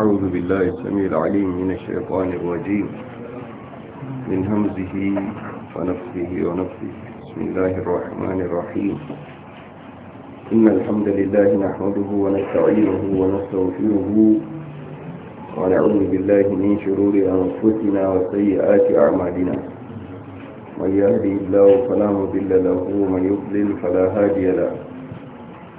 أعوذ بالله السميع العليم من الشيطان الرجيم من همزه ونفسه ونفسه بسم الله الرحمن الرحيم إن الحمد لله نحمده ونستعينه ونستغفره ونعوذ بالله من شرور أنفسنا وسيئات أعمالنا من يهدي الله فلا مضل له ومن يضلل فلا هادي له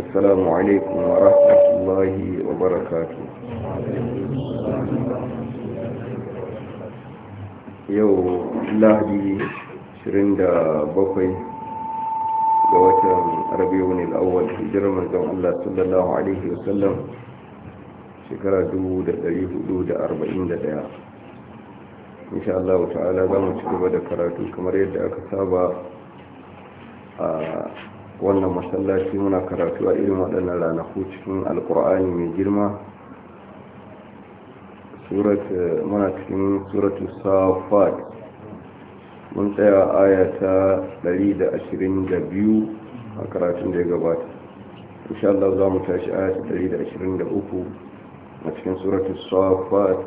السلام عليكم ورحمة الله وبركاته yau lahadi bakwai ga watan rabiu ne al'awwal hijirar manzon Allah sallallahu alaihi wasallam shekara 1441 insha Allah ta'ala za mu ci gaba da karatu kamar yadda aka saba a wannan masallaci muna karatu a irin waɗannan ranaku cikin alƙur'ani mai girma eh, muna cikin suratu safat mun tsaya aya ta 122 a karatun da ya gabata insha Allah za mu tashi aya ta 123 a cikin suratu safat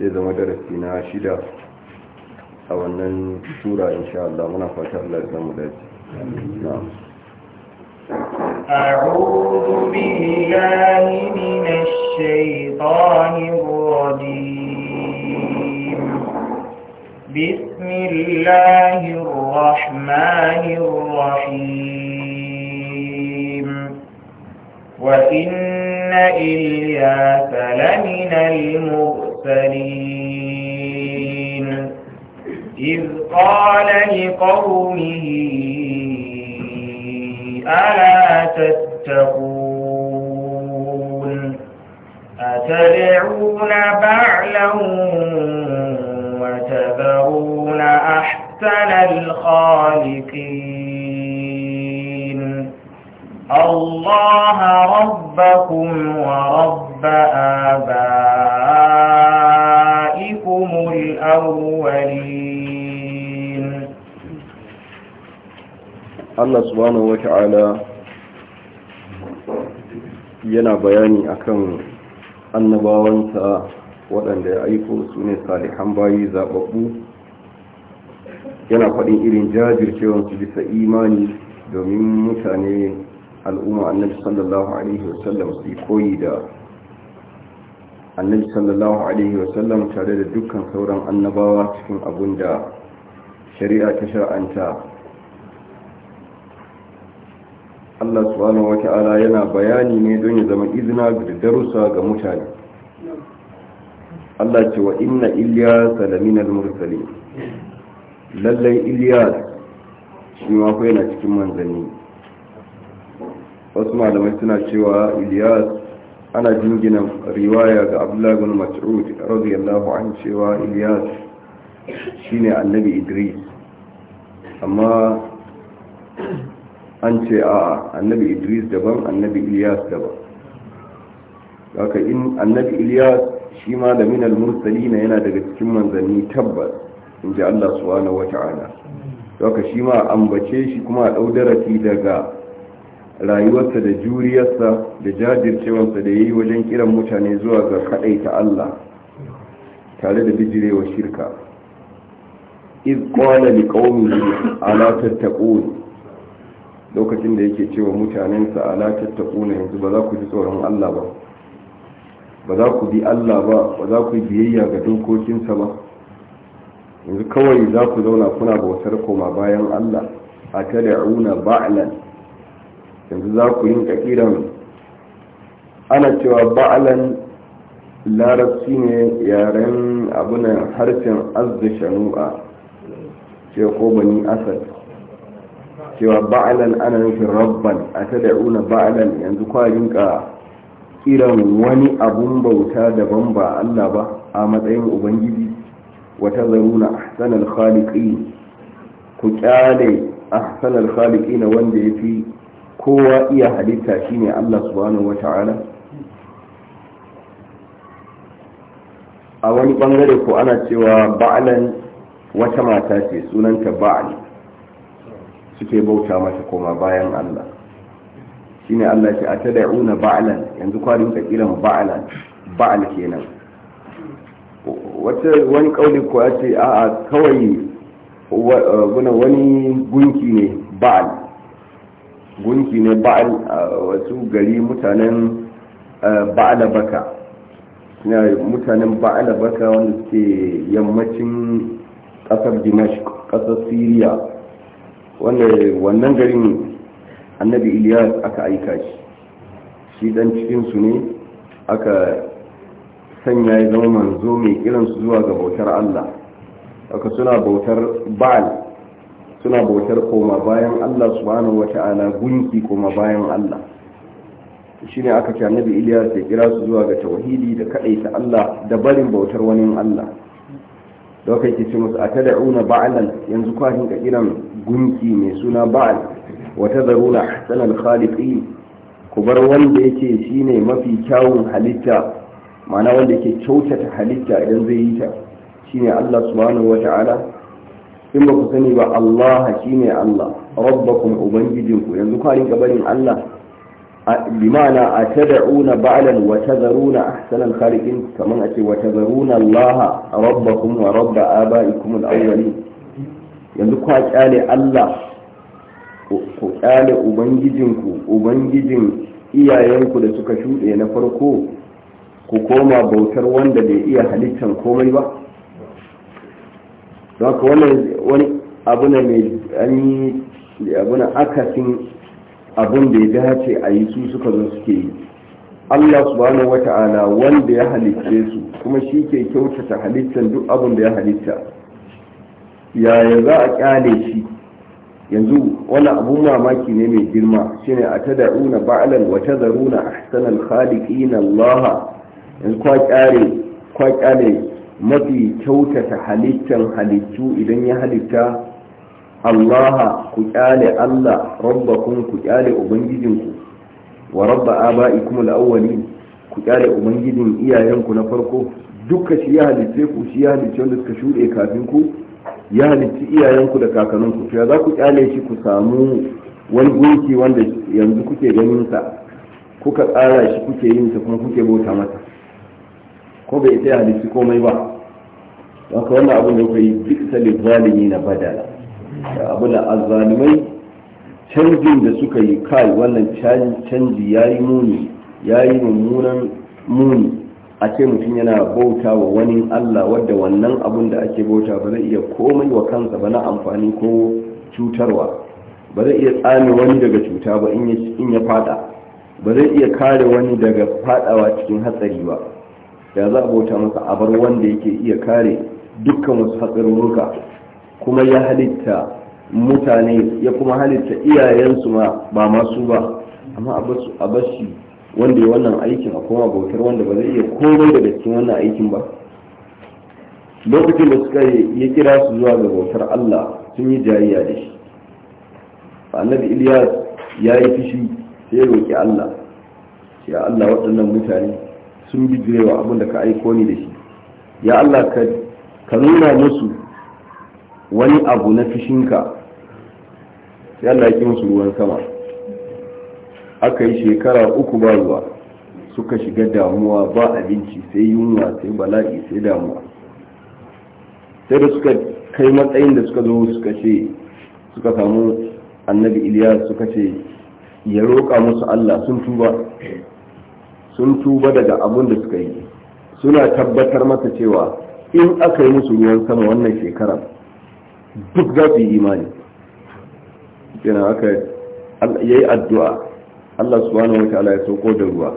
zai zama darasi na shida a wannan sura insha Allah muna fata Allah ya samu dace na'am أعوذ بالله من الشيطان الرجيم بسم الله الرحمن الرحيم وإن إلياس لمن المرسلين إذ قال لقومه ألا تتقون أتدعون بعلا وتذرون أحسن الخالقين الله ربكم ورب آبائكم الأولين Allah subhanahu wata'ala yana bayani akan annabawansa waɗanda ya aiko su ne salihan bayi zaɓaɓɓu yana faɗin irin jajircewansu bisa imani domin mutane al'umma annabi sallallahu alaihi wasallam su koyi da annabi sallallahu alaihi wasallam tare da dukkan sauran annabawa cikin abun da shari'a ta shar'anta Allah subhanahu wata'ala yana bayani ne don ya zama izina da darussa ga mutane Allah ce wa inna iliya salamin al lallai iliya shi ma yana cikin manzanni wasu malamai suna cewa iliya ana jingina riwaya ga Abdullah ibn Mas'ud radiyallahu an cewa Ilyas shine annabi Idris amma an ce a annabi idris daban annabi iliyas daban haka in annabi iliyas shi ma da minal na yana daga cikin manzanni tabbas in ji allah wata ana haka shi ma ambace shi kuma a ɗaudarati daga rayuwarsa da juriyarsa da jajircewarsa da ya yi wajen kiran mutane zuwa ga kaɗai ta allah tare da bijirewa shirka iz da liqaumihi ala tattaqun lokacin da yake cewa mutanensa ta tattaquna yanzu ba za ku ji tsoron Allah ba ba za ku bi Allah ba ba za ku biyayya ga dokokinsa ba yanzu kawai za ku zauna kuna bautar koma bayan Allah a auna ba'lan yanzu za ku yin kakiran ana cewa ba'lan larabci ne yaren abunan harshen azda shanu'a ce ko bani asad cewa ba'alan ana nufin rabban a ta da'una ba'alan yanzu ka kiran wani abun bauta daban ba Allah ba a matsayin ubangiji wata zaruna ahsanal khaliqin ku kyale ahsanal na wanda yafi kowa iya halitta shine Allah subhanahu wata'ala a wani bangare ko ana cewa ba'alan wata mata ce sunanta ba'al suke bauta mata koma bayan Allah shine Allah ce a tada'una ba'lan yanzu kwarin kiran ba'lan ba'al kenan wata wani kauli ko ya ce a'a kawai wani gunki ne ba'al gunki ne ba'al wasu gari mutanen ba'ala baka na mutanen ba'ala baka wanda suke yammacin kasar dimashq kasar Siriya. wannan garin annabi iliyas aka aika shi shi dan cikinsu ne aka sanya ya zama manzo mai kiransu zuwa ga bautar allah aka suna bautar ba'al suna bautar koma bayan allah subhanahu wata'ala gunki koma bayan allah shi ne aka ce annabi iliyas ya kira su zuwa ga tauhidi da ta allah da barin bautar wani allah da kai ce musu a tada'una ba'alan yanzu kwahin ka kiran gunki mai suna ba'al wa tadharuna ahsanal khaliqin ku bar wanda yake shine mafi kyawun halitta ma'ana wanda yake kyautata halitta idan zai yi ta shine Allah subhanahu wata'ala in ba ku sani ba Allah shine Allah rabbakum ku yanzu ku rinka barin Allah bimana a tada'una ba'lan wa tadharuna ahsanal khaliqin kaman ace wa tadharuna Allah rabbakum wa rabb abaikum al-awwalin yanzu kwa kyale Allah ku kyale ubangijinku ubangijin iyayenku da suka shuɗe na farko ku koma bautar wanda bai iya halittar komai ba don haka wani abu ne mai an yi abu na akasin abin da ya dace a yi su suka zo suke yi Allah subhanahu wata'ala wanda ya halicce su kuma shi ke kyautata halittar duk abin da ya halitta yaya za a kyale shi yanzu wani abun mamaki ne mai girma shine a ta da'una ba'alan wa ta zaruna ahsanal khaliqin Allah yanzu kwa kyale kwa kyale mafi kyautata halittan halittu idan ya halitta Allah ku kyale Allah kuma ku kyale ubangijinku wa rabba bai kuma la'awani ku kyale ubangijin iyayenku na farko duka shi ya halitte ku shi ya halitte wanda suka shuɗe kafin ku ya halicci iyayenku da kakanninku ya za ku kyale shi ku samu wani gunki wanda yanzu kuke ganin sa kuka tsara shi kuke yin sa kuma kuke bauta masa ko bai ita ya halicci komai ba haka wannan abin da kuka yi bisa zalimi na badala abu da azalimai canjin da suka yi kai wannan canji ya yi muni ya yi mummunan muni a ce mutum yana bauta wa wani Allah wadda wannan abun da ake bauta ba zai iya komai wa kansa ba na amfani ko cutarwa ba zai iya tsami wani daga cuta ba in ya fada ba zai iya kare wani daga fadawa cikin hatsari ba ya za a bauta masa a bar wanda yake iya kare dukkan wasu hatsarurruka kuma ya halitta mutane ya kuma halitta iyayensu ma ba masu ba amma a bashi. wanda ya wannan aikin a koma bautar wanda ba zai iya komai da cikin wannan aikin ba lokacin da suka ya kira su zuwa ga bautar Allah sun yi jayayya da shi annabi Ilyas ya yi fishi sai roƙi Allah ya Allah waɗannan mutane sun bi jirewa abin da ka aiko ni da shi ya Allah ka nuna musu wani abu na fishinka sai Allah ya ki musu ruwan sama aka yi shekara uku ba ruwa suka shiga damuwa ba abinci sai yunwa sai bala'i sai damuwa sai da suka kai matsayin da suka zo suka ce suka samu annabi iliya suka ce ya roƙa musu allah sun tuba sun tuba daga abin da suka yi suna tabbatar masa cewa in aka yi musu ruwan sama wannan shekara duk za su yi imani yana aka yi addu'a Allah subhanahu ala ya sauko da ruwa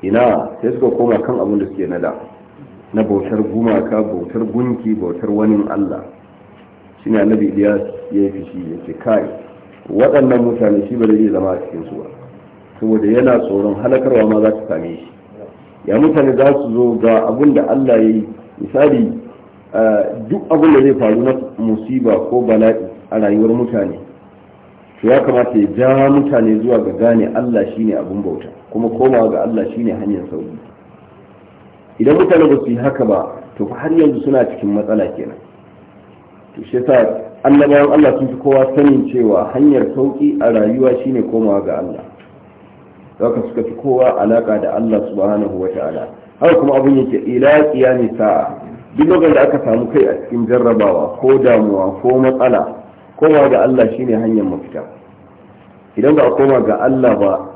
ina sai suka koma kan abin da suke nada na bautar gumaka bautar gunki bautar wani Allah shine annabi Ilyas ya yi fishi ya ce kai waɗannan mutane shi ba zai zama a cikin su ba saboda yana tsoron halakarwa ma za ta same shi ya mutane za su zo ga abin da Allah ya yi misali eh, duk abin da zai faru na musiba ko bala'i a rayuwar mutane to ya kamata ya ja mutane zuwa ga gane Allah shine abun bauta kuma komawa ga Allah shine hanyar sauki idan mutane ba su yi haka ba to har yanzu suna cikin matsala kenan to shi yasa annabawan Allah sun fi kowa sanin cewa hanyar sauki a rayuwa shine komawa ga Allah zaka suka fi kowa alaka da Allah subhanahu wata'ala haka kuma abun yake ila qiyami sa'a duk lokacin da aka samu kai a cikin jarrabawa ko damuwa ko matsala koma ga Allah shine hanyar mafita idan ba a koma ga Allah ba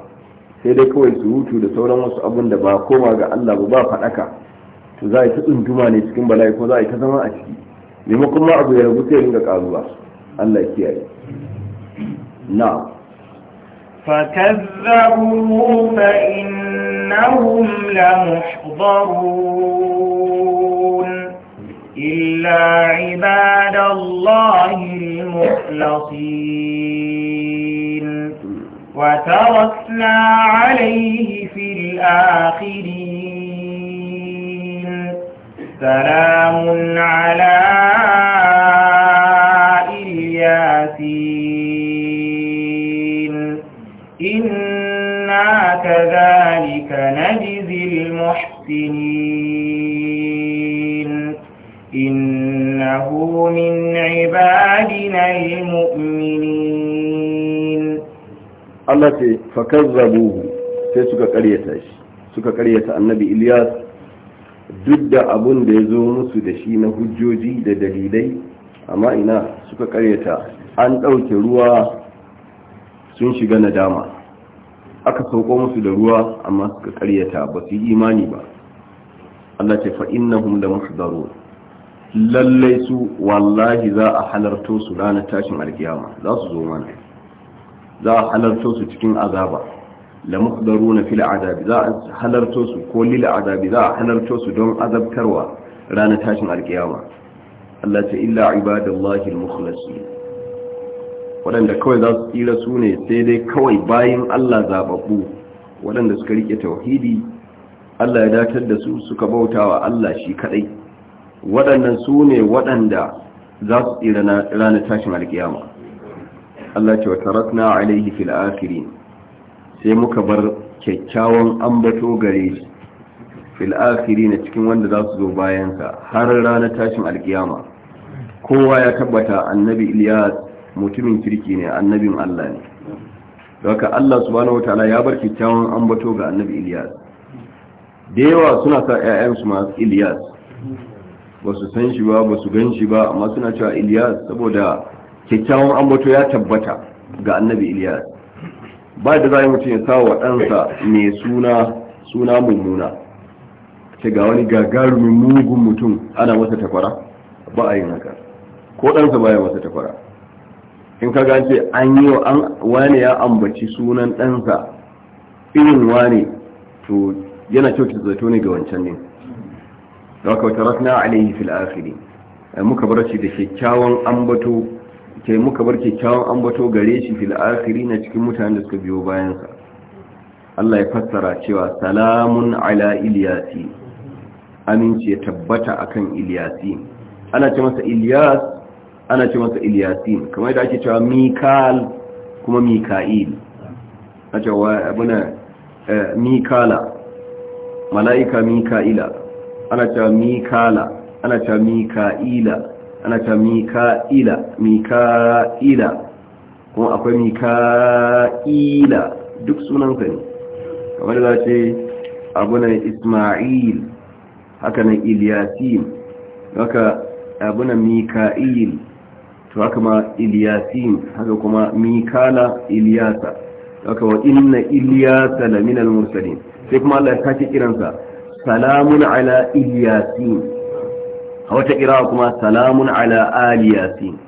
sai dai kawai su hutu da sauran wasu abun da ba koma ga Allah ba ba faɗaka to za a yi ta tsunduma ne cikin bala'i ko za a yi ta zama a ciki maimakon kuma abu ya rabu sai ringa ƙaruwa Allah ya kiyaye na فكذبوه فإنهم لمحضرون إلا عباد الله المخلصين وتركنا عليه في الآخرين سلام على الياسين إنا كذلك نجزي المحسنين إنه من عبادنا المؤمنين الله تي فكذبوه sai suka karyata shi suka karyata annabi Ilyas duk da abun da ya zo musu da shi na hujjoji da dalilai amma ina suka karyata an ɗauke ruwa sun shiga nadama aka sauko musu da ruwa amma suka karyata ba su yi imani ba Allah ce fa innahum la muhdarun lallai su wallahi za a halarto su ranar tashin alkiyama za su zo mana za a halarto su cikin azaba la na fil azabi za a halarto su ko lil azabi za a halarto su don azabtarwa ranar tashin alkiyama Allah ta illa ibadallahi al-mukhlasin waɗanda kawai za su tsira su ne sai dai kawai bayan Allah zababbu waɗanda suka rike tauhidi Allah ya datar da su suka bautawa Allah shi kadai waɗannan su ne waɗanda za su tsira ranar tashin alkiyama Allah ce wa tarakna alaihi fil akhirin sai muka bar kyakkyawan ambato gare shi fil na cikin wanda za su zo bayan har ranar tashin alkiyama kowa ya tabbata annabi iliyas mutumin kirki ne annabin Allah ne daga Allah subhanahu wataala ya bar kyakkyawan ambato ga annabi iliyas da yawa suna sa 'ya'yansu masu iliyas. ba su san shi ba ba su gan shi ba amma suna cewa Ilyas saboda kyakkyawan ambato ya tabbata ga annabi Ilyas ba da za mutum ya sa wa ɗansa mai suna suna mummuna ce ga wani gagarumin mugun mutum ana masa takwara ba a yin haka ko ɗansa baya masa takwara in ka ce an yi an wane ya ambaci sunan ɗansa irin wane to yana kyautar zato ne ga wancan ne don haka tarakna alaihi fil akhiri eh, muka bar shi da kyakkyawan ambato kai muka bar kyakkyawan ambato gare shi fil akhiri na cikin mutanen da suka biyo bayan sa Allah ya fassara cewa salamun ala iliyasi aminci ya tabbata akan iliyasi ana ce masa iliyas ana ce masa iliyasin kamar da ake cewa mikal kuma mika'il a cewa abuna eh, mikala mala'ika mika'ila ana cewa mikala ana cewa mika'ila ana cewa mika'ila mika'ila kuma akwai mika'ila duk ka ne kamar da ce abunan ismail haka nan iliyasin haka abunan mika'il to haka ma iliyasin haka kuma mikala iliyasa haka wa inna iliyasa laminal mursalin sai kuma Allah ya sake kiransa salamun ala iyasin a wata kirawa kuma salamun ala aliyasin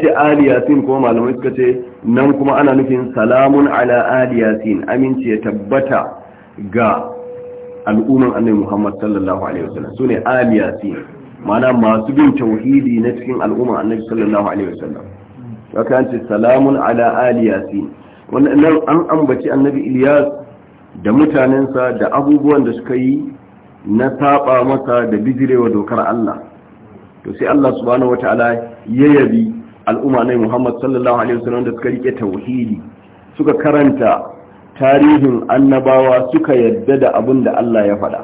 ce aliyasin kuma malamai suka ce nan kuma ana nufin salamun ala aliyasin amince ya tabbata ga al'umman annabi Muhammad sallallahu alaihi wasallam sune aliyasin mana masu bin tauhidi na cikin al'umman annabi sallallahu alaihi wasallam haka ce salamun ala aliyasin wannan an ambaci annabi Ilyas da mutanensa da abubuwan da suka yi na saɓa masa da bijirewa dokar Allah to sai Allah subhanahu wataala ya yabi al'umma na Muhammad sallallahu alaihi wasallam da suka rike tauhidi suka karanta tarihin annabawa suka yadda da abin da Allah ya faɗa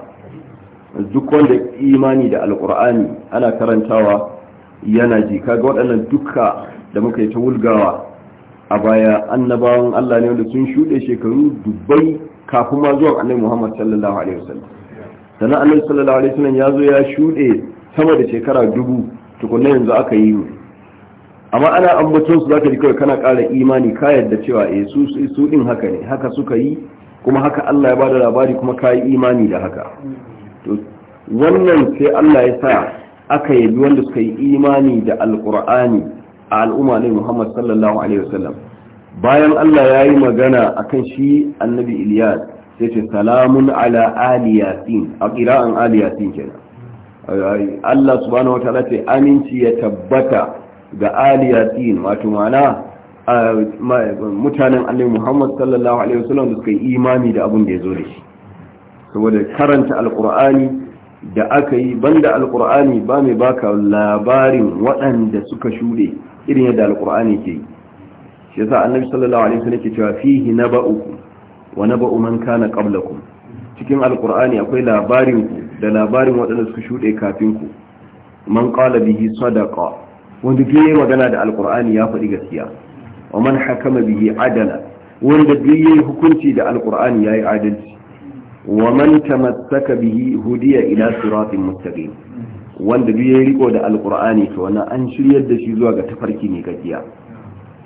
duk wanda imani da alkur'ani ana karantawa yana ji kaga waɗannan duka da muka yi ta wulgawa a baya annabawan Allah ne wanda sun shuɗe shekaru dubbai kafin ma zuwa annabi Muhammad sallallahu alaihi wasallam sannan annabi sallallahu alaihi wasallam ya zo ya shuɗe sama da shekara dubu tukunna yanzu aka yi mu amma ana ambaton su zaka ji kawai kana ƙara imani ka yarda cewa eh su su din haka ne haka suka yi kuma haka Allah ya bada labari kuma ka yi imani da haka to wannan sai Allah ya sa aka yabi wanda suka yi imani da alqur'ani a al'umma ne Muhammad sallallahu alaihi wasallam bayan Allah ya yi magana a kan shi annabi Iliyas sai ce salamun ala aliyasin a ƙira'an aliyasin kenan Allah subhanahu wa ta'ala ce aminci ya tabbata ga aliyasin wato mana mutanen annabi Muhammad sallallahu alaihi wasallam da suka yi imani da abin da ya zo da shi saboda karanta alqur'ani da aka yi banda alqur'ani ba mai baka labarin waɗanda suka shuɗe irin yadda alqur'ani ke yi shi yasa annabi sallallahu alaihi wasallam yake cewa fihi naba'ukum wa naba'u man kana qablakum cikin alqur'ani akwai labarin ku da labarin waɗanda suka shuɗe kafin ku man qala bihi sadaqa wanda duk magana da alqur'ani ya faɗi gaskiya wa man hakama bihi adala wanda duk hukunci da alqur'ani yayi adalci wa man tamassaka bihi hudiya ila siratin mustaqim wanda duk riko da alqur'ani to wannan an shiryar da shi zuwa ga tafarki ne gaskiya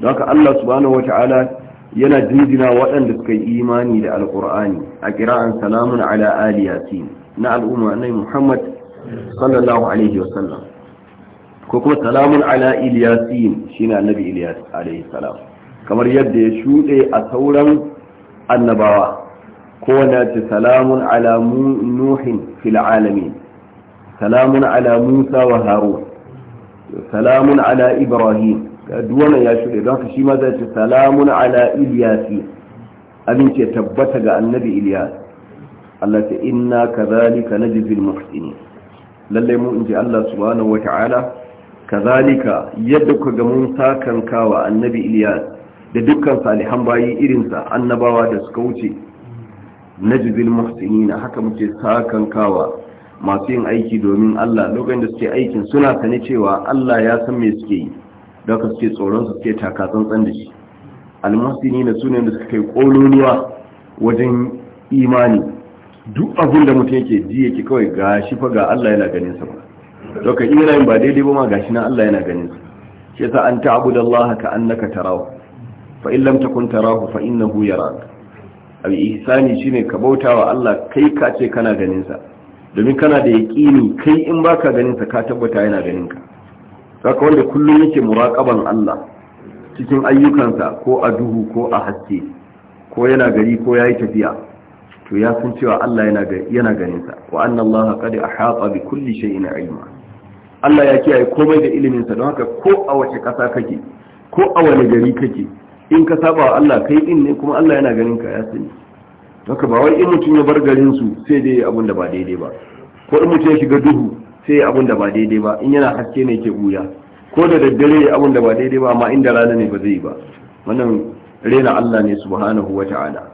don haka Allah subhanahu ta'ala yana jinjina waɗanda suka yi imani da alkur'ani a kira'an salamun ala ali yasin na al'umma na muhammad sallallahu alaihi wa sallam ko kuma salamun ala iliyasin shine annabi iliyas alaihi salam kamar yadda ya shuɗe a sauran annabawa ko na ce salamun ala nuhin fil alamin salamun ala musa wa harun salamun ala ibrahim duwannan ya shuɗe don haka shi ma zai ce salamun ala iliyasi amince tabbata ga annabi iliyasi Allah ta inna kazalika najzil muhsinin lallai mu ji Allah subhanahu ka kazalika yadda ku ga mun sakan kawa annabi iliyasi da dukkan salihan bayi irinsa annabawa da suka wuce Na najzil na haka muke sakan kawa masu yin aiki domin Allah lokacin da suke aikin suna sane cewa Allah ya san me suke yi da ka suke tsoron su suke taka tsantsan da shi almasini na sune da suka kai kololuwa wajen imani duk abin da mutum yake ji yake kawai ga shi fa ga Allah yana ganin sa ba to ka imani ba daidai ba ma gashi na Allah yana ganin sa shi yasa an Allah ka annaka tarahu fa in lam takun tarahu fa innahu yarak abi ihsani shine ka bautawa Allah kai ka ce kana ganin sa domin kana da yaqini kai in baka ganin sa ka tabbata yana ganin ka saka wanda kullum yake muraƙaban Allah cikin ayyukansa ko a duhu ko a haske ko yana gari ko ya yi tafiya to ya san cewa Allah yana ganinsa, ganin sa wa anna Allah qad ahata bi kulli ina ilma Allah ya kiyaye komai da iliminsa don haka ko a wace ƙasa kake ko a wani gari kake in ka saba wa Allah kai din ne kuma Allah yana ganin ka ya sani haka ba wai in mutum ya bar garinsu sai dai abin da ba daidai ba ko in mutum ya shiga duhu sai ya abun da ba daidai ba in yana haske ne ke buya ko da daddare ya abun da ba daidai ba amma inda rana ne ba zai ba wannan rena Allah ne subhanahu wa ta'ala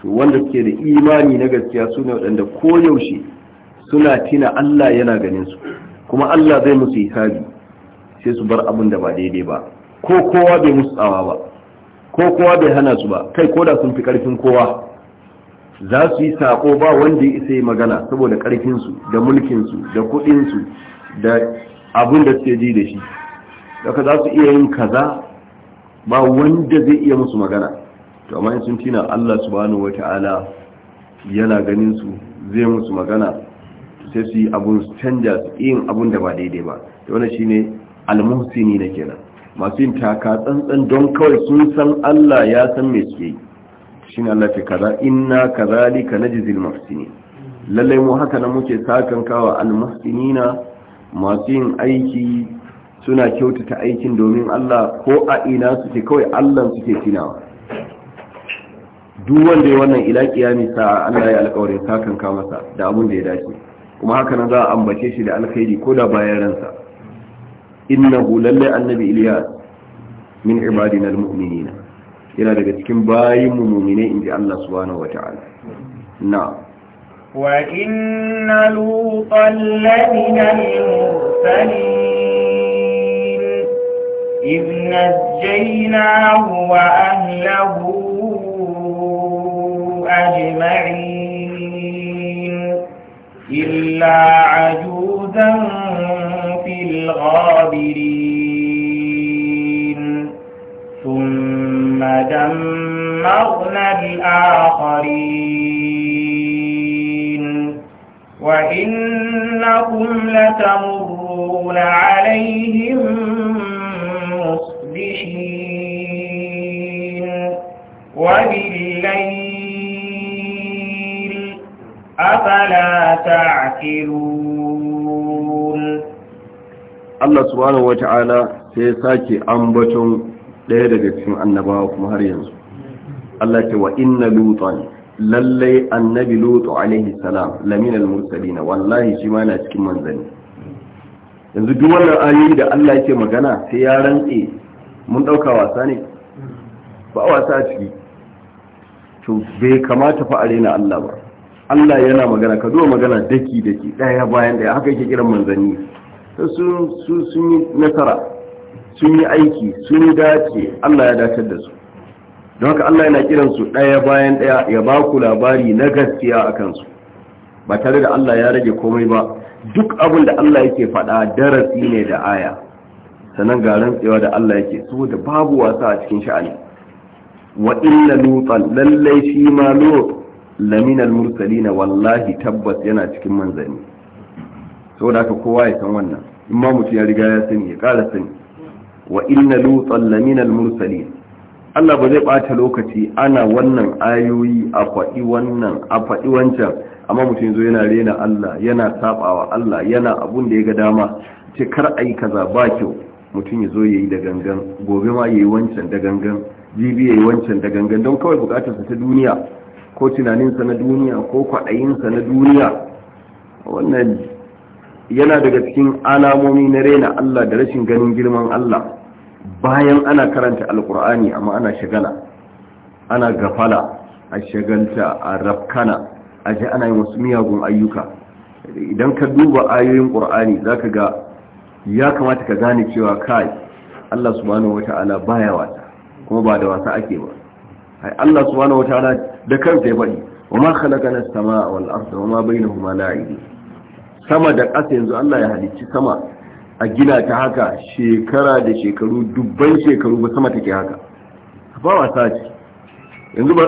to wanda suke da imani na gaskiya su ne waɗanda yaushe suna tina Allah yana ganin su kuma Allah zai musu hisabi sai su bar abun da ba daidai ba ko kowa bai musu tsawa ba ko kowa bai hana su ba kai koda sun fi karfin kowa za su yi sako ba wanda ya isa yi magana saboda ƙarfinsu da mulkinsu da kuɗinsu da abin da suke ji da shi daga za su iya yin kaza ba wanda zai iya musu magana to amma in sun tina Allah subhanahu wata'ala yana ganin su zai musu magana sai su yi abun su canja su yin abun da ba daidai ba to wannan shine almuhsini na kenan masu yin taka tsantsan don kawai sun san Allah ya san me suke yi shine Allah ce kaza inna kadhalika najzil muhsinin lallai mu haka nan muke sakankawa kawa almuhsinina masu yin aiki suna kyautata aikin domin Allah ko a ina suke kawai Allah suke tunawa. duk wanda ya wannan ila kiyami sa Allah ya alƙawarin sakan ka masa da abun da ya dace kuma haka nan za a ambace shi da alkhairi ko da bayan ransa innahu lallai annabi Ilyas min ibadina almu'minina yana daga cikin bayin mu mumine inji Allah subhanahu wata'ala na wa inna lutan lamina al-mursalin إذ نجيناه وأهله أجمعين إلا عجوزا في الغابرين ودمرنا الآخرين وإنكم لتمرون عليهم مصبحين وبالليل أفلا تعقلون الله سبحانه وتعالى سيساكي sake ɗaya daga cikin annabawa kuma har yanzu Allah ce wa inna lutan lallai annabi lutu alaihi salam laminal mursalina wallahi shi ma yana cikin manzani. yanzu duk wannan ayoyi da Allah yake magana sai ya rantse mun dauka wasa ne ba wasa a ciki to bai kamata fa arena Allah ba Allah yana magana ka zo magana daki daki daya bayan daya haka yake kiran manzanni sun sun yi nasara sun yi aiki sun dace Allah ya dace da su don haka Allah yana kiran su ɗaya bayan ɗaya ya ba ku labari na gaskiya a kansu ba tare da Allah ya rage komai ba duk abin da Allah yake faɗa darasi ne da aya sannan ga rantsewa da Allah yake saboda babu wasa a cikin sha'ani wa inna lutan lallai shi ma lut lamina mursalina wallahi tabbas yana cikin manzani saboda haka kowa ya san wannan in ma mutum ya riga ya sani ya ƙara sani wa inna lutsan laminal mursalin Allah ba zai bata lokaci ana wannan ayoyi a faɗi wannan a faɗi wancan amma mutum zo yana rena Allah yana sabawa Allah yana abun da ya ga dama ce kar ai kaza ba kyau mutum ya zo yayi da gangan gobe ma yayi wancan da gangan jibi yayi wancan da gangan don kawai sa ta duniya ko tunaninsa na duniya ko kwaɗayinsa na duniya wannan yana daga cikin alamomi na rena Allah da rashin ganin girman Allah bayan ana karanta alkur'ani amma ana shagala ana gafala a shagalta a rafkana a ji ana yin wasu miyagun ayyuka idan ka duba ayoyin ƙur'ani za ka ga ya kamata ka gane cewa kai Allah subhanahu ta'ala baya wasa kuma ba da wasa ake ba ai Allah subhanahu ta'ala da kansa ya faɗi wa ma khalaqa as-samaa wal arda wa ma bainahuma la'ibin sama da ƙasa yanzu Allah ya halicci sama a gina ta haka shekara da shekaru dubban shekaru ba sama take haka ba wasa ce yanzu ba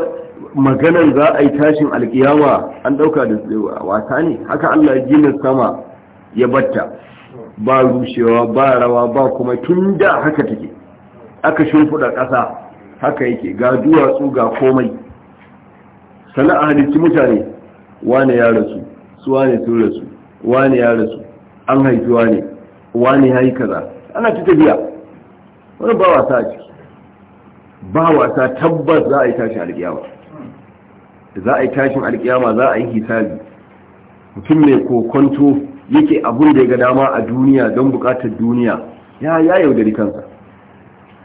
maganar za a yi tashin alkiyama an dauka da wasa ne haka Allah ya gina sama ya batta ba rushewa ba rawa ba kuma tun da haka take aka shimfiɗa ƙasa haka yake ga duwatsu ga komai sana'a halitti mutane wane ya rasu su wane sun rasu wane ya rasu an haifi ne. wani ya yi kaza ana ta tafiya wani ba wasa a ciki ba wasa tabbas za a yi tashin alkiyama za a yi tashin alkiyama za a yi hisabi mutum mai kokonto yake abun da ya ga dama a duniya don bukatar duniya ya ya yaudari kansa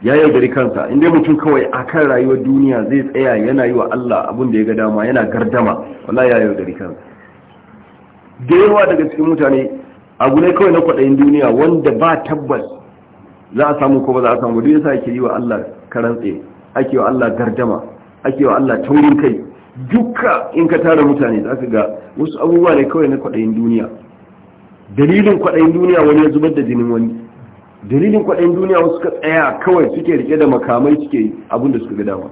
ya yaudari kansa inda mutum kawai a kan rayuwar duniya zai tsaya yana yi wa Allah abun da ya ga dama yana gardama wala ya yaudari kansa da yawa daga cikin mutane abu ne kawai na kwaɗayin duniya wanda ba tabbas za a samu ko ba za a samu duk yasa ake yi wa Allah karantse ake wa Allah gardama ake wa Allah taurin kai duka in ka tara mutane za ka ga wasu abubuwa ne kawai na kwaɗayin duniya dalilin kwaɗayin duniya wani ya zubar da jinin wani dalilin kwaɗayin duniya wasu ka tsaya kawai suke rike da makamai suke abin da suka ga dama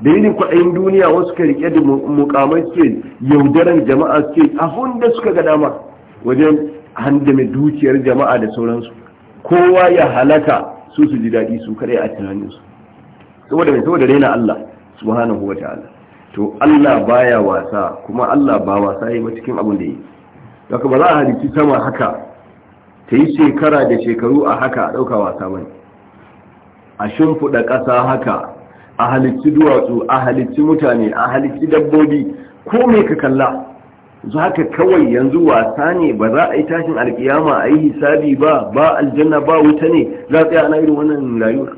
dalilin kwaɗayin duniya wasu ka rike da mukamai suke yaudaran jama'a suke abin da suka ga dama wajen mai dukiyar jama'a da sauransu kowa ya halaka su su ji daɗi su kaɗai a tunaninsu saboda mai saboda raina Allah subhanahu wa ta'ala to Allah baya wasa kuma Allah ba wasa yi ba cikin abin da yi daga ba za a halitti sama haka ta yi shekara da shekaru a haka a ɗauka wasa ne? a shimfiɗa ƙasa haka a halicci duwatsu a halicci mutane a halici dabbobi ko mai ka kalla su haka kawai yanzu wasa ne ba za a yi tashin alkiyama a yi hisabi ba ba aljanna ba wuta ne za tsaya ana irin wannan rayuwa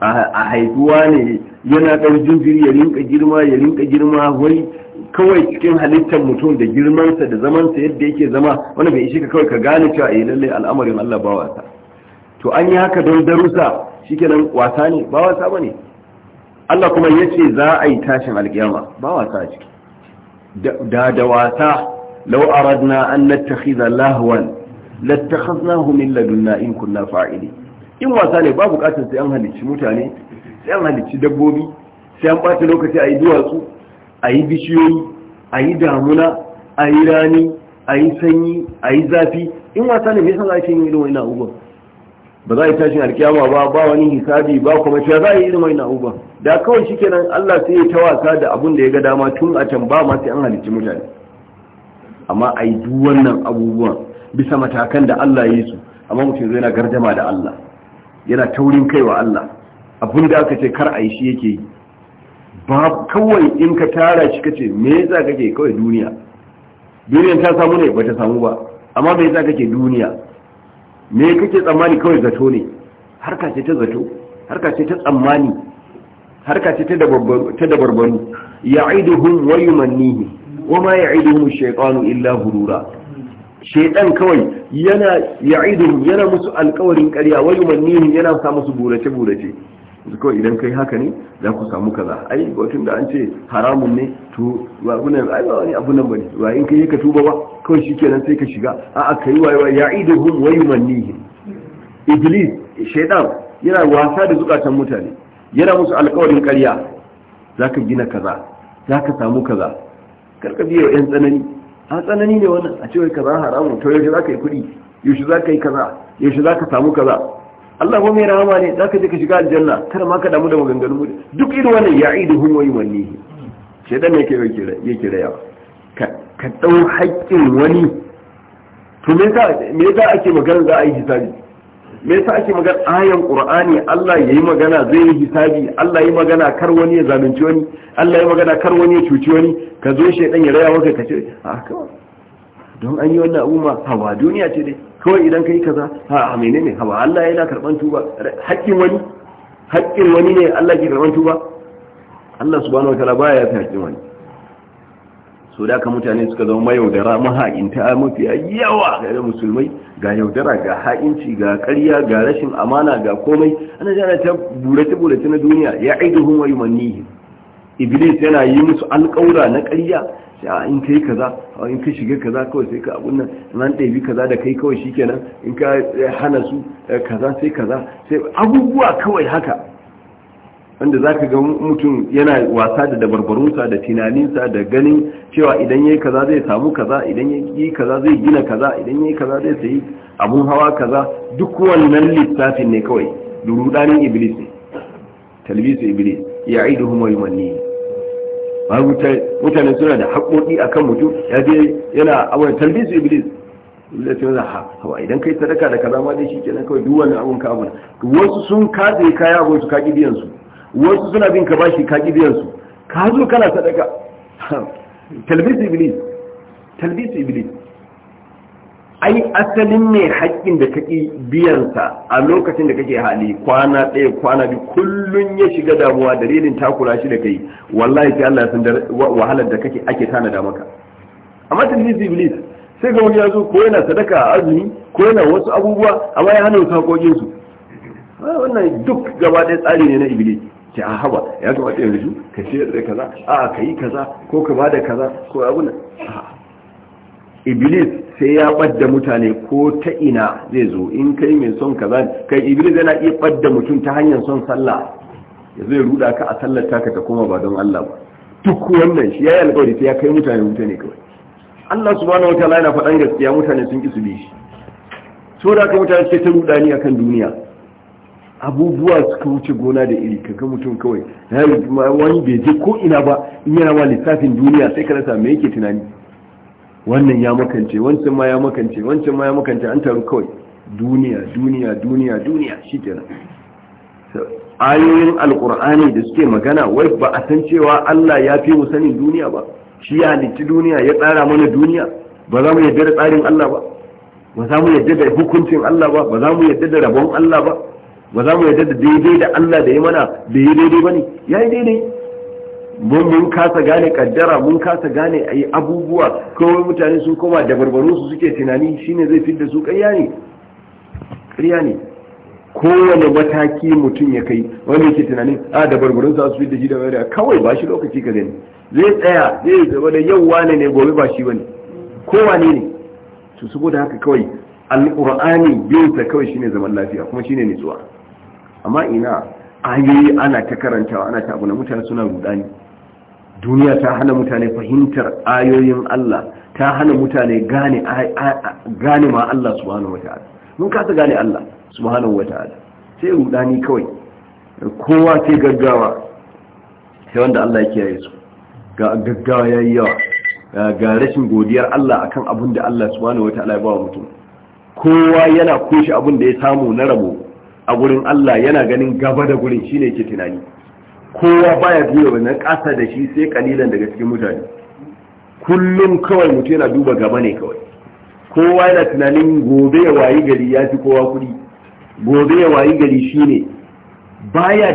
a haifuwa ne yana ɗaujin jiri ya rinka girma ya rinka girma wai kawai cikin halittar mutum da girmansa da zamansa yadda yake zama wani bai ishe ka kawai ka gane cewa yi eh, lallai al'amarin Allah ba wasa to an yi haka don darusa shikenan wasa ne ba wasa ba ne? Allah kuma ya ce za a yi tashin alkiyama ba wasa a ciki da da wasa law aradna an nattakhidha lahwan hunin min ladunna in kunna fa'ili in wasa ne babu bukatar sai an halicci mutane sai an halicci dabbobi sai an bata lokaci ayi duwatsu ayi bishiyoyi ayi damuna ayi rani ayi sanyi ayi zafi in wasa ne me yasa ake yin irin wannan abubuwan ba za a yi tashin alkiyama ba ba wani hisabi ba kuma shi za a yi irin wani na'uba da kawai shi kenan Allah sai ya ta wasa da abun da ya ga dama tun a can ba ma sai an halicci mutane amma a yi duk wannan abubuwan bisa matakan da Allah ya yi su amma mutum zai na gardama da Allah yana taurin kaiwa Allah abin da aka ce kar a yi shi yake yi ba kawai in ka tara shi kace me yasa kake kawai duniya duniyan ta samu ne ba ta samu ba amma me yasa kake duniya me kake tsammani kawai zato ne harka ce ta zato harka ce ta tsammani harka ce ta dabarbaru ya'iduhum wayu mannihi wa ma ya'iduhum shaikanu illa hurura shaytan kawai yana ya'iduhum yana musu alƙawarin ƙarya wayu mannihi yana sa musu burace burace kawai idan kai haka ne za ku samu kaza ai batun da an ce haramun ne to ba abunan ai ba wani abunan bane ba in kai ka tuba ba kawai shikenan sai ka shiga a'a kai waye waye ya'iduhum wa yumannihim iblis shaytan yana wasa da zukatan mutane yana musu alƙawarin ƙarya zaka gina kaza zaka samu kaza karka biyo yan tsanani a tsanani ne wannan a cewa kaza haramun to yaushe zaka yi kuɗi yaushe zaka yi kaza yaushe zaka samu kaza Allah kuma mai rahama ne za ka je ka shiga aljanna kada ma ka damu da maganganu. mu duk irin wannan ya idu hun wa yumannihi dan ne kira ya ka ɗau haƙƙin wani to me yasa ake magana za a yi hisabi me yasa ake magana ayan qur'ani Allah yayi magana zai yi hisabi Allah yayi magana kar wani ya zalunci wani Allah yayi magana kar wani ya cuci wani ka zo dan ya raya maka ce a kawai don an yi wannan abu hawa duniya ce dai kawai idan yi kaza ha ne hawa Allah yana karɓar tuba haƙƙin wani haƙƙin wani ne Allah ke karɓar tuba Allah subhanahu wataala baya yafi haƙƙin wani so da ka mutane suka zama mayaudara maha'inta mafi yawa ga musulmai ga yaudara ga ha'inci ga ƙarya ga rashin amana ga komai ana jana ta burace burace na duniya ya aiki hun wa yumannihim iblis yana yi musu alƙawura na ƙarya sai in kai kaza in kai shiga kaza kawai sai ka abun nan nan ɗabi kaza da kai kawai shikenan in ka eh, hana su eh, kaza sai kaza sai abubuwa kawai haka wanda za ka ga mutum yana wasa da dabarbarunsa da tunaninsa da ganin cewa idan ya yi kaza zai samu kaza idan ya yi kaza zai gina kaza idan ya yi kaza zai sayi abun hawa kaza duk wannan lissafin ne kawai durudanin iblis ne talbisu iblis ya'iduhum wa yumanni mutane suna da haƙoƙi akan mutum ya je yana awon talbisu iblis da ce za ha hawa idan kai sadaka da kaza ma dai nan kawai duk na abun ka abun wasu sun kaɗe kaya abun su ka kibiyan su wasu suna bin ka bashi ka kibiyan su ka zo kana sadaka talbisu iblis talbisu iblis ai asalin mai haƙƙin da kake biyansa a lokacin da kake hali kwana ɗaya kwana biyu kullum ya shiga damuwa dalilin takura shi da kai wallahi sai Allah ya san wahalar da kake ake tanada maka amma tilbis iblis sai ga wani ya ko yana sadaka a azumi ko yana wasu abubuwa amma ya hana sakokin su ah, wannan duk gaba ɗaya tsari ne na iblis ce a ah, haba ya kamata yanzu ka ce da kaza a ka yi kaza ko ka bada kaza ko abu na ah, iblis sai ya ɓadda mutane ko ta ina zai zo in kai mai son kaza kai iblis yana iya ɓadda mutum ta hanyar son sallah ya zai ruda ka a sallar taka ta koma ba don Allah ba duk wannan shi yayi alƙawari sai ya kai mutane mutane kawai Allah subhanahu wataala yana faɗan gaskiya mutane sun ki su bi shi so da kai mutane suke ta ni akan duniya abubuwa suka wuce gona da iri kaga mutum kawai wani bai je ko ina ba in yana ma lissafin duniya sai ka rasa me yake tunani wannan ya makance wancan ma ya makance wancan ma ya makance an taru kawai duniya duniya duniya duniya shi shikenan ayoyin alkur'ani da suke magana wai ba a san cewa Allah ya fi mu sanin duniya ba shi ya halicci duniya ya tsara mana duniya ba za mu yadda da tsarin Allah ba ba za mu yadda da hukuncin Allah ba ba za mu yadda da rabon Allah ba ba za mu yadda da daidai da Allah da ya mana da ya daidai ba ne? ya yi daidai mun kasa gane kaddara mun kasa gane ayi abubuwa kawai mutane sun koma da barbaro su suke tunani shine zai fidda su ƙarya ne ƙarya ne kowane mataki mutum ya kai wanda yake tunanin a ah, da barbaro su su fidda shi da mai kawai ba shi lokaci ka gani zai tsaya zai zama da yau wane ne gobe ba shi bane Kowa ne su saboda haka kawai alqur'ani yinsa kawai shine zaman lafiya kuma shine nutsuwa amma ina ayoyi ana ta karantawa ana ta abu na mutane suna rudani duniya ta hana mutane fahimtar ayoyin Allah ta hana mutane gane gane ma Allah subhanahu wataala mun kasa gane Allah subhanahu wataala sai rudani kawai kowa sai gaggawa sai wanda Allah ya yayi su ga gaggawa yayi yawa ga rashin godiyar Allah akan abin da Allah subhanahu wataala ya ba mutum kowa yana kushe abin da ya samu na rabo a gurin Allah yana ganin gaba da gurin shine yake tunani kowa baya biyo wannan kasa da shi sai kalilan daga cikin mutane kullum kawai mutum yana duba gaba ne kawai kowa yana tunanin gobe ya wayi gari ya fi kowa kuɗi gobe ya wayi gari shi ne. baya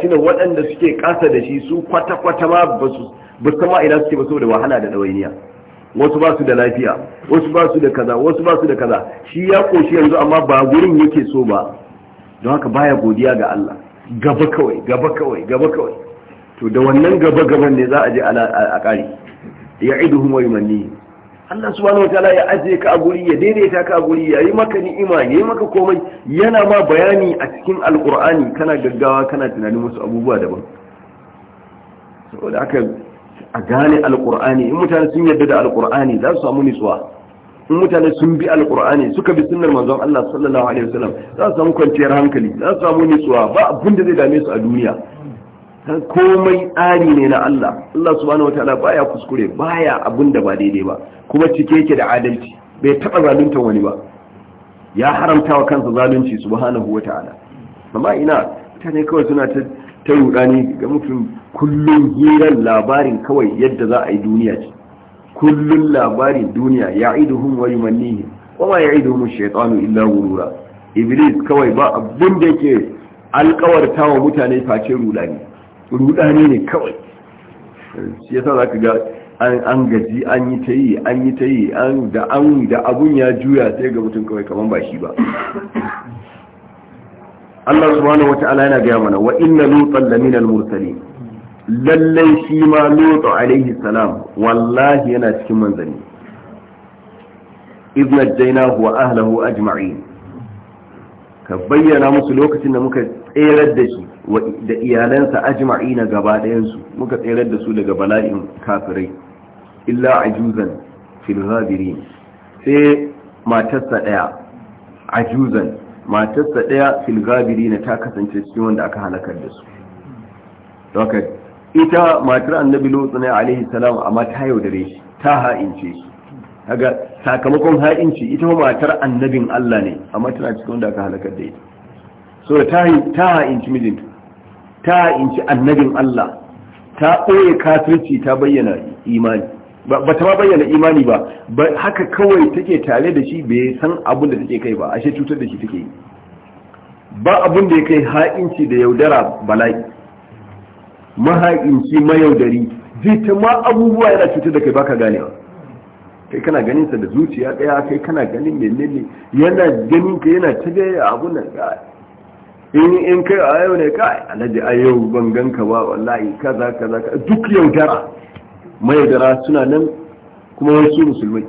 tuna waɗanda suke kasa da shi su kwata-kwata ma ba su ba sama ina suke ba saboda wahala da ɗawainiya wasu ba su da lafiya wasu ba su da kaza wasu ba su da kaza shi ya ƙoshi yanzu amma ba gurin yake so ba don haka baya godiya ga Allah gaba kawai gaba kawai gaba kawai to da wannan gaba gaban ne za a je a kare ya idu huma manni Allah subhanahu ya ajiye ka a guri ya daidaita ka a guri ya yi maka ni'ima ya yi maka komai yana ma bayani a cikin alkur'ani kana gaggawa kana tunanin wasu abubuwa daban saboda aka a gane alkur'ani in mutane sun yadda da alkur'ani za su samu nutsuwa in mutane sun bi alkur'ani suka bi sunnar manzon Allah sallallahu alaihi wasallam za su samu kwanciyar hankali za su samu nutsuwa ba abin da zai dame su a duniya komai tsari ne na Allah Allah subhanahu wataala baya kuskure baya abin da ba daidai ba kuma cike yake da adalci bai taba zalunta wani ba ya haramta wa kansa zalunci subhanahu wataala amma ina mutane kawai suna ta ta rudani ga mutum kullum hirar labarin kawai yadda za a yi duniya ce kullun labarin duniya ya'iduhum wa yumannihim wa ma ya'iduhum shaytanu illa ghurura iblis kawai ba abun da yake alkawarta wa mutane face rudani rudani ne kawai shi yasa zaka ga an gaji an yi ta yi an yi ta yi an da an da abun ya juya sai ga mutum kawai kamar ba shi ba Allah subhanahu wataala yana gaya mana wa inna lutan laminal mursalin lallai shi ma lutu alaihi salam wallahi yana cikin manzanni izna najjaynahu wa ahlihi ajma'in ka bayyana musu lokacin da muka tserar da shi da iyalansa ajma'ina gaba ɗayansu muka tserar da su daga bala'in kafirai illa ajuzan fil sai matarsa ɗaya ajuzan matarsa ɗaya fil ghabirin ta kasance cikin wanda aka halakar da su ita matar annabi lutsu ne alaihi salam amma ta yaudare shi ta ha'ince shi kaga sakamakon ha'inci ita ma matar annabin Allah ne amma tana cikin wanda aka halakar da ita so ta ta ha'inci mijinta ta ha'inci annabin Allah ta ɓoye kafirci ta bayyana imani ba ta ma bayyana imani ba haka kawai take tare da shi bai san abin da take kai ba ashe cutar da shi take yi ba abin da ya kai ha'inci da yaudara bala'i mahaƙinci mayaudari zai ta ma abubuwa yana cutar da kai baka ganewa kai kana ganin sa da zuciya daya kai kana ganin menene yana ganin ka yana ta da abun nan ga in in kai a yau ne kai alhaji a yau ban ganka ba wallahi kaza kaza duk yaudara mayaudara suna nan kuma wasu musulmai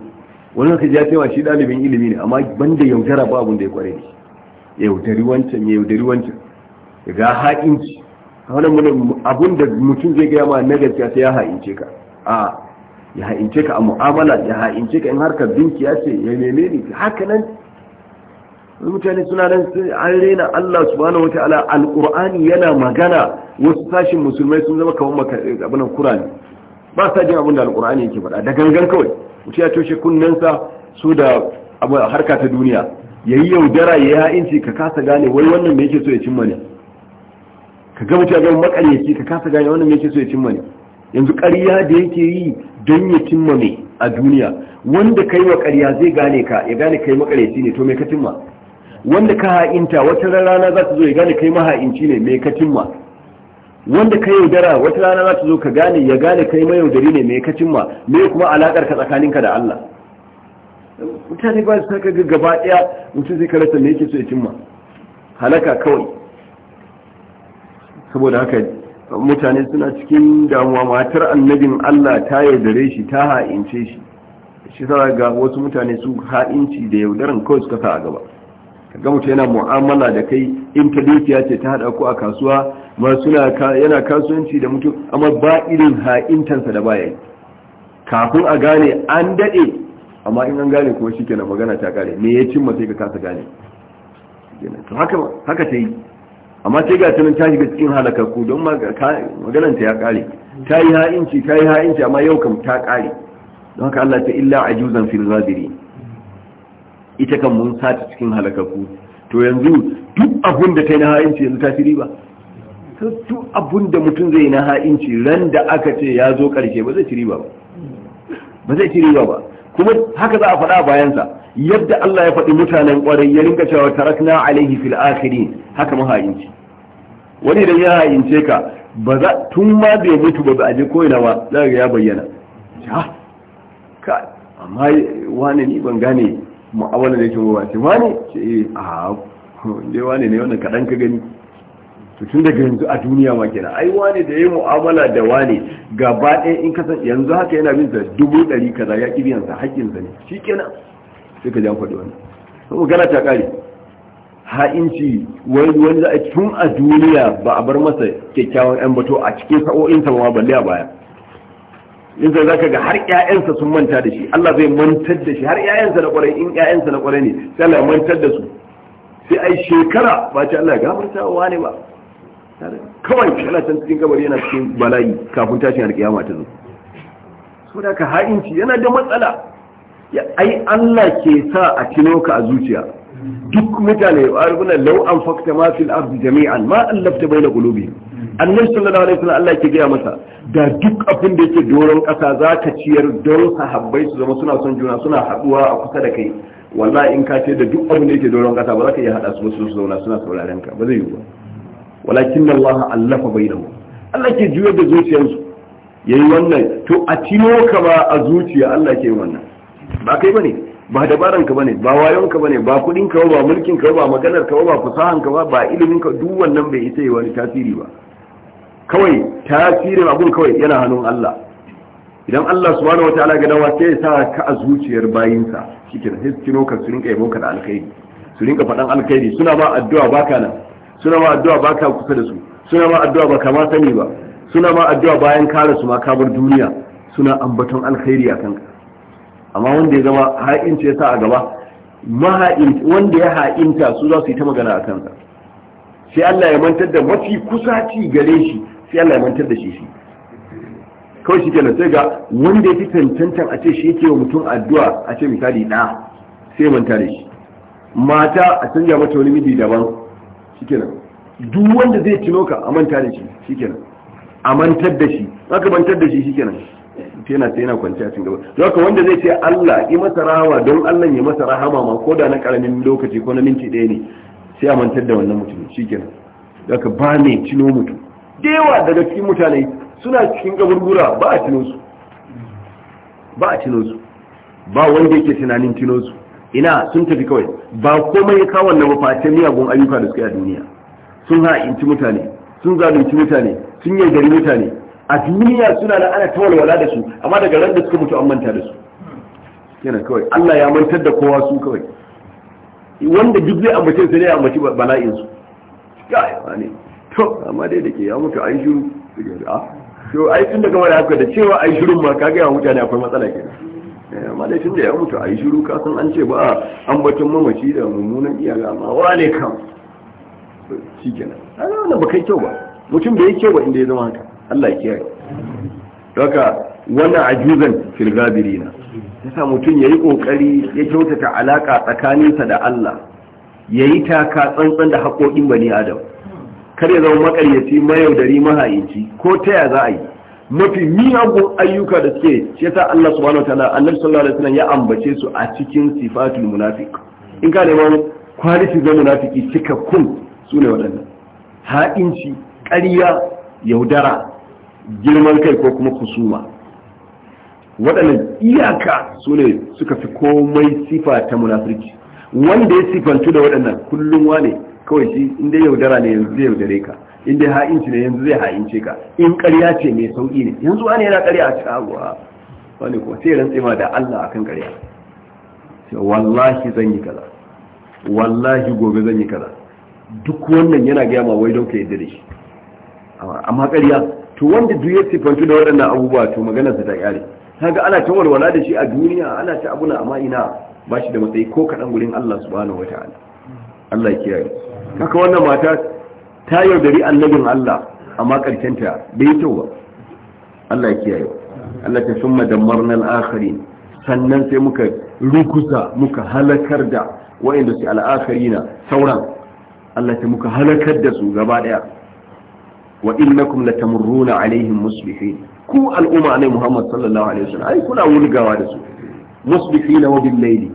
wani ka ja cewa shi dalibin ilimi ne amma banda yaudara ba abun da ya kware ne yaudari wancan yaudari wancan ga haƙinci wannan mun abun da mutum zai gaya ma na gaskiya sai ya haince ka a ya haince ka a mu'amala ya haince ka in harkar dukiya ce ya ni haka nan mutane suna nan an rena Allah subhanahu wataala alqur'ani yana magana wasu sashin musulmai sun zama kamar eh, abinan qur'ani ba sa jin abin da alqur'ani yake faɗa da gangan kawai mutum ya toshe kunnensa su da harka ta duniya yayi yaudara yayi ha'inci ka kasa gane wai wannan me yake so ya cimma ne ka ga mutum ga makaryaci ka kasa gane wannan yake so ya cimma ne yanzu ƙarya da yake yi don ya cimma a duniya wanda kai wa ƙarya zai gane ka ya gane kai makaryaci ne to me ka cimma wanda ka ha'inta wata rana za ta zo ya gane kai maha'inci ne me ka cimma wanda ka yaudara wata rana za ta zo ka gane ya gane kai mayaudari ne me ka cimma me kuma alakar ka tsakaninka da Allah mutane ba su saka gaba daya mutum zai karasa me yake so ya cimma halaka kawai saboda haka mutane suna cikin damuwa matar annabin Allah ta yaudare shi ta ha'ince shi shi sa ga wasu mutane su ha'inci da yaudaran kawai suka sa a gaba kaga mutane yana mu'amala da kai in ta dukiya ce ta hada ku a kasuwa ma suna yana kasuwanci da mutum amma ba irin ha'intansa da baya kafin a gane an dade amma in an gane kuma shikenan magana ta kare me ya cimma sai ka kasa gane haka haka ta yi amma sai ga nan ta shiga cikin halakakku don magananta ya kare ta yi ha'inci ta yi ha'inci amma yau kam ta kare don haka Allah ta illa ajuzan fil zabiri ita kan mun sata cikin halakakku to yanzu duk abun da ta yi na ha'inci yanzu ta fi ba. duk abun da mutum zai yi na ha'inci ran da aka ce ya zo karshe ba zai ci riba ba ba zai ci riba ba kuma haka za a faɗa bayansa yadda Allah ya faɗi mutanen ƙwarai ya rinka cewa tarakna alaihi fil akhirin haka ha'inci. wani idan ya hayince ka ba za tun ma bai mutu ba a je ko ina ba za ga ya bayyana ya, ka amma wani ni ban gane mu'amala ne ke ba ce wani ce eh a je wani ne wani kadan ka gani to tun daga yanzu a duniya ma kenan ai wani da yi mu'amala da wani gaba ɗaya in ka san yanzu haka yana bin sa dubu ɗari kaza ya kibiyansa haƙƙinsa ne kenan sai ka jan faɗi wani mu gana ta ƙari. ha'inci wai wani a tun a duniya ba a bar masa kyakkyawan yan bato a cikin sa'o'in sa ma balle a baya sai zaka ga har ƴaƴansa sun manta da shi Allah zai mantar da shi har ƴaƴansa na kwarai in ƴaƴansa na kwarai ne sai Allah ya mantar da su sai ai shekara ba ta Allah ya gafarta wa ne ba kawai Allah san cikin kabari yana cikin bala'i kafin tashin alƙiyama ta zo saboda ka ha'inci yana da matsala ya ai Allah ke sa a kino ka a zuciya duk mutane arguna law an fakta ma fil ardi jami'an ma allafta baina qulubi annabi sallallahu alaihi wasallam Allah ke gaya masa da duk abin da yake doron kasa zaka ciyar don sahabbai su zama suna son juna suna haduwa a kusa da kai wallahi in ka ce da duk abin da yake doron kasa ba za ka iya hada su su zauna suna sauraren ka ba zai yiwu ba walakin Allah allafa bainahu Allah ke juyar da zuciyarsu yayi wannan to a tiyo kama a zuciya Allah ke wannan ba kai bane ba dabaran ka bane ba wayon ka bane ba kudin ka ba mulkin ka ba maganar ka ba fasahan ka ba ba ilimin ka duk wannan bai isa yi wani tasiri ba kawai tasirin abun kawai yana hannun Allah idan Allah subhanahu wataala ga dawa sai ya sa ka a zuciyar bayinsa shike sai su kino ka su rinka yabo ka da alkhairi su rinka faɗan alkhairi suna ba addu'a baka nan suna ba addu'a baka kusa da su suna ba addu'a baka ma sani ba suna ma addu'a bayan kare su ma kabar duniya suna ambaton alkhairi a kanka amma wanda ya zama ha'inci ya sa a gaba wanda ya ha'inta su za su yi ta magana a kansa sai Allah ya mantar da mafi kusaci gare shi sai Allah ya mantar da shi shi kawai shi kenan sai ga wanda ya fi tantantan a ce shi yake wa mutum addu'a a ce misali ɗa sai manta da shi mata a canja mata wani miji daban shi kenan duk wanda zai tuno ka a manta da shi shi kenan a mantar da shi aka mantar da shi shi kenan yana sai yana kwanci a cikin gaba haka wanda zai ce Allah yi masa rawa don Allah yi masa rahama ma ko da na karamin lokaci ko na minti ɗaya ne sai a mantar da wannan mutum shikenan haka ba ne cino mutum da yawa daga cikin mutane suna cikin gaburbura ba a cino su ba a cino su ba wanda yake tunanin cino su ina sun tafi kawai ba komai ya kawo wannan face miyagun ayyuka da suka yi a duniya sun ha'inci mutane sun zalunci mutane sun gari mutane a duniya suna da ana tawalwala da su amma daga ran da suka mutu an manta da su yana kawai Allah ya mantar da kowa su kawai wanda duk zai ambace su ne ya ambaci bala'in su kai wani to amma dai da ke ya mutu an shiru a ah, to ai tun daga wani haka da cewa ai shirun ma kaga ya mutane akwai matsala ke eh, amma dai tun da ya mutu ai shiru ka san an ce ba ambacin mamaci da mummunan iyaka amma wane kam shi kenan ana wannan ba kai kyau ba mutum bai ya kyau ba inda ya zama haka Allah ke yi. daga wannan ajuzan firgabirina ya yasa mutum yayi kokari ya kyautata alaƙa tsakaninsa da Allah yayi taka tsantsan da haƙoƙin bani adam kar ya zama makaryaci mayaudari mahaici ko ta ya za a yi mafi miyagun ayyuka da suke shi yasa Allah subhanahu wataala annabi sallallahu alaihi wasallam ya ambace su a cikin sifatul munafiq in ka neman kwalifi ga munafiki cikakkun su ne waɗannan ha'inci ƙarya yaudara girman kai ko kuma kusuma waɗannan iyaka su ne suka fi komai sifa ta munafurci wanda ya sifantu da waɗannan kullum wane kawai shi inda yaudara ne yanzu zai yaudare ka inda ya ha'inci ne yanzu zai ha'ince ka in ƙarya ce mai sauƙi ne yanzu wane yana ƙarya a cikin abuwa wani kuma sai rantse ma da Allah akan ƙarya wallahi zan yi kaza wallahi gobe zan yi kaza duk wannan yana gaya ma wai don ka yadda da shi amma ƙarya to wanda duk ya sifantu da waɗannan abubuwa to maganarsa ta ƙare kaga ana ta walwala da shi a duniya ana ta abuna amma ina ba shi da matsayi ko kaɗan gurin Allah subhanahu wataala Allah ya kiyaye Kaka wannan mata ta yaudari annabin Allah amma ƙarshen ta bai ta ba Allah ya kiyaye Allah ta summa damarna al-akhirin sannan sai muka rukusa muka halakar da wa'inda su al-akhirina sauran Allah ta muka halakar da su gaba daya wa innakum latamurruna alaihim musbihin ku al'umma ne Muhammad sallallahu alaihi wasallam ai kuna wulgawa da su musbihina wa bil layli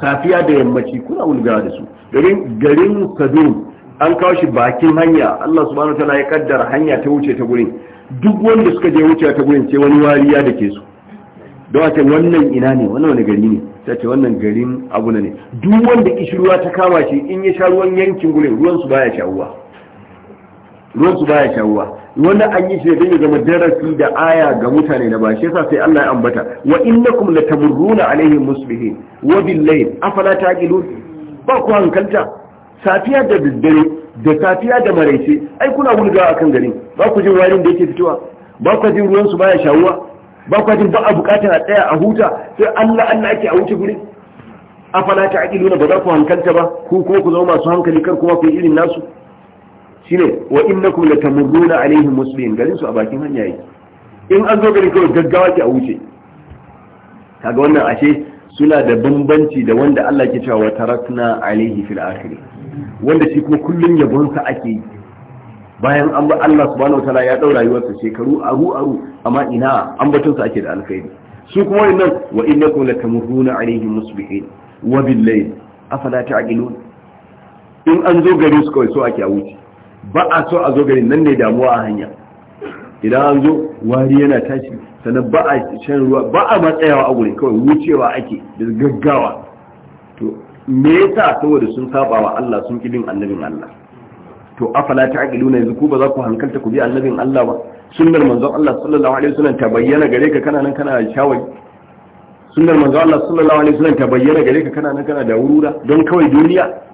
safiya da yammaci kuna wulgawa da su garin garin Sadum an kawo shi bakin hanya Allah subhanahu wataala ya kaddara hanya ta wuce ta gurin duk wanda suka je wuce ta gurin ce wani wariya da ke su don a ce wannan ina ne wannan wani gari ne ta ce wannan garin abu ne duk wanda kishirwa ta kama shi in ya sha ruwan yankin gurin ruwan su baya sha ruwa ruwan su baya shawuwa wannan an yi shi don ya zama darasi da aya ga mutane na ba shi yasa sai Allah ya ambata wa innakum latamurruna alaihim muslihin wa billahi afala taqilun ba ku hankalta safiya da daddare da safiya da maraice ai kuna wulga akan gari ba ku jin warin da yake fitowa ba ku jin ruwan su baya shawuwa ba ku jin ba a bukatar a tsaya a huta sai Allah Allah yake a wuce gure afala taqiluna ba za ku hankalta ba ku kuma ku zama masu hankali kar kuma ku yi irin nasu shine wa innakum latamurruna alaihim muslimin garin su a bakin hanya yake in an zo gari kawai gaggawa ke a wuce kaga wannan ashe suna da bambanci da wanda Allah ke cewa wa tarakna alaihi fil akhir wanda shi kuma kullun yabon sa ake yi bayan an ba Allah subhanahu wataala ya daura rayuwarsa shekaru aru aru amma ina an batun sa ake da alkhairi su kuma wannan wa innakum latamurruna alaihim muslimin wa bil layl afala ta'qilun in an zo gari su kawai so ake a wuce ba a so a zo gari nan ne damuwa a hanya idan an zo wari yana tashi sannan ba a shan ruwa ba a matsayawa a wuri kawai wucewa ake da gaggawa to me yasa saboda sun saba wa Allah sun bin annabin Allah to afala na yanzu ku ba za ku hankalta ku bi annabin Allah ba sunnar manzon Allah sallallahu alaihi wasallam ta bayyana gare ka kana nan kana shawai sunnar manzon Allah sallallahu alaihi wasallam ta bayyana gare ka kana nan kana da wurura don kawai duniya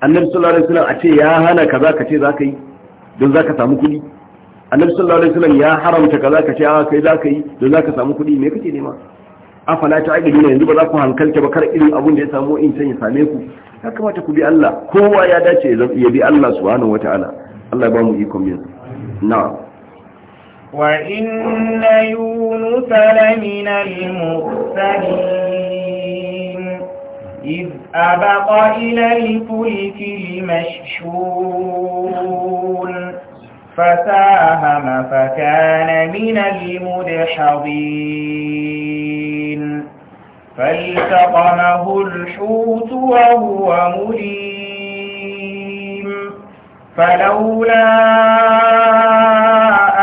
annabi sallallahu alaihi wasallam a ce ya hana kaza ka ce zaka yi don zaka samu kuɗi annabi sallallahu alaihi wasallam ya haramta kaza ka ce a kai zaka yi don zaka samu kuɗi me kake nema afala ta aidi ne yanzu ba za ku hankalta ba kar irin abun da ya samu in san ya same ku ya kamata ku bi Allah kowa ya dace ya bi Allah subhanahu wataala Allah ya ba mu ikon yin na'am Yunusa lamina al-mursalin إذ أبق إلى الفلك المشحون فساهم فكان من المدحضين فالتقمه الحوت وهو مليم فلولا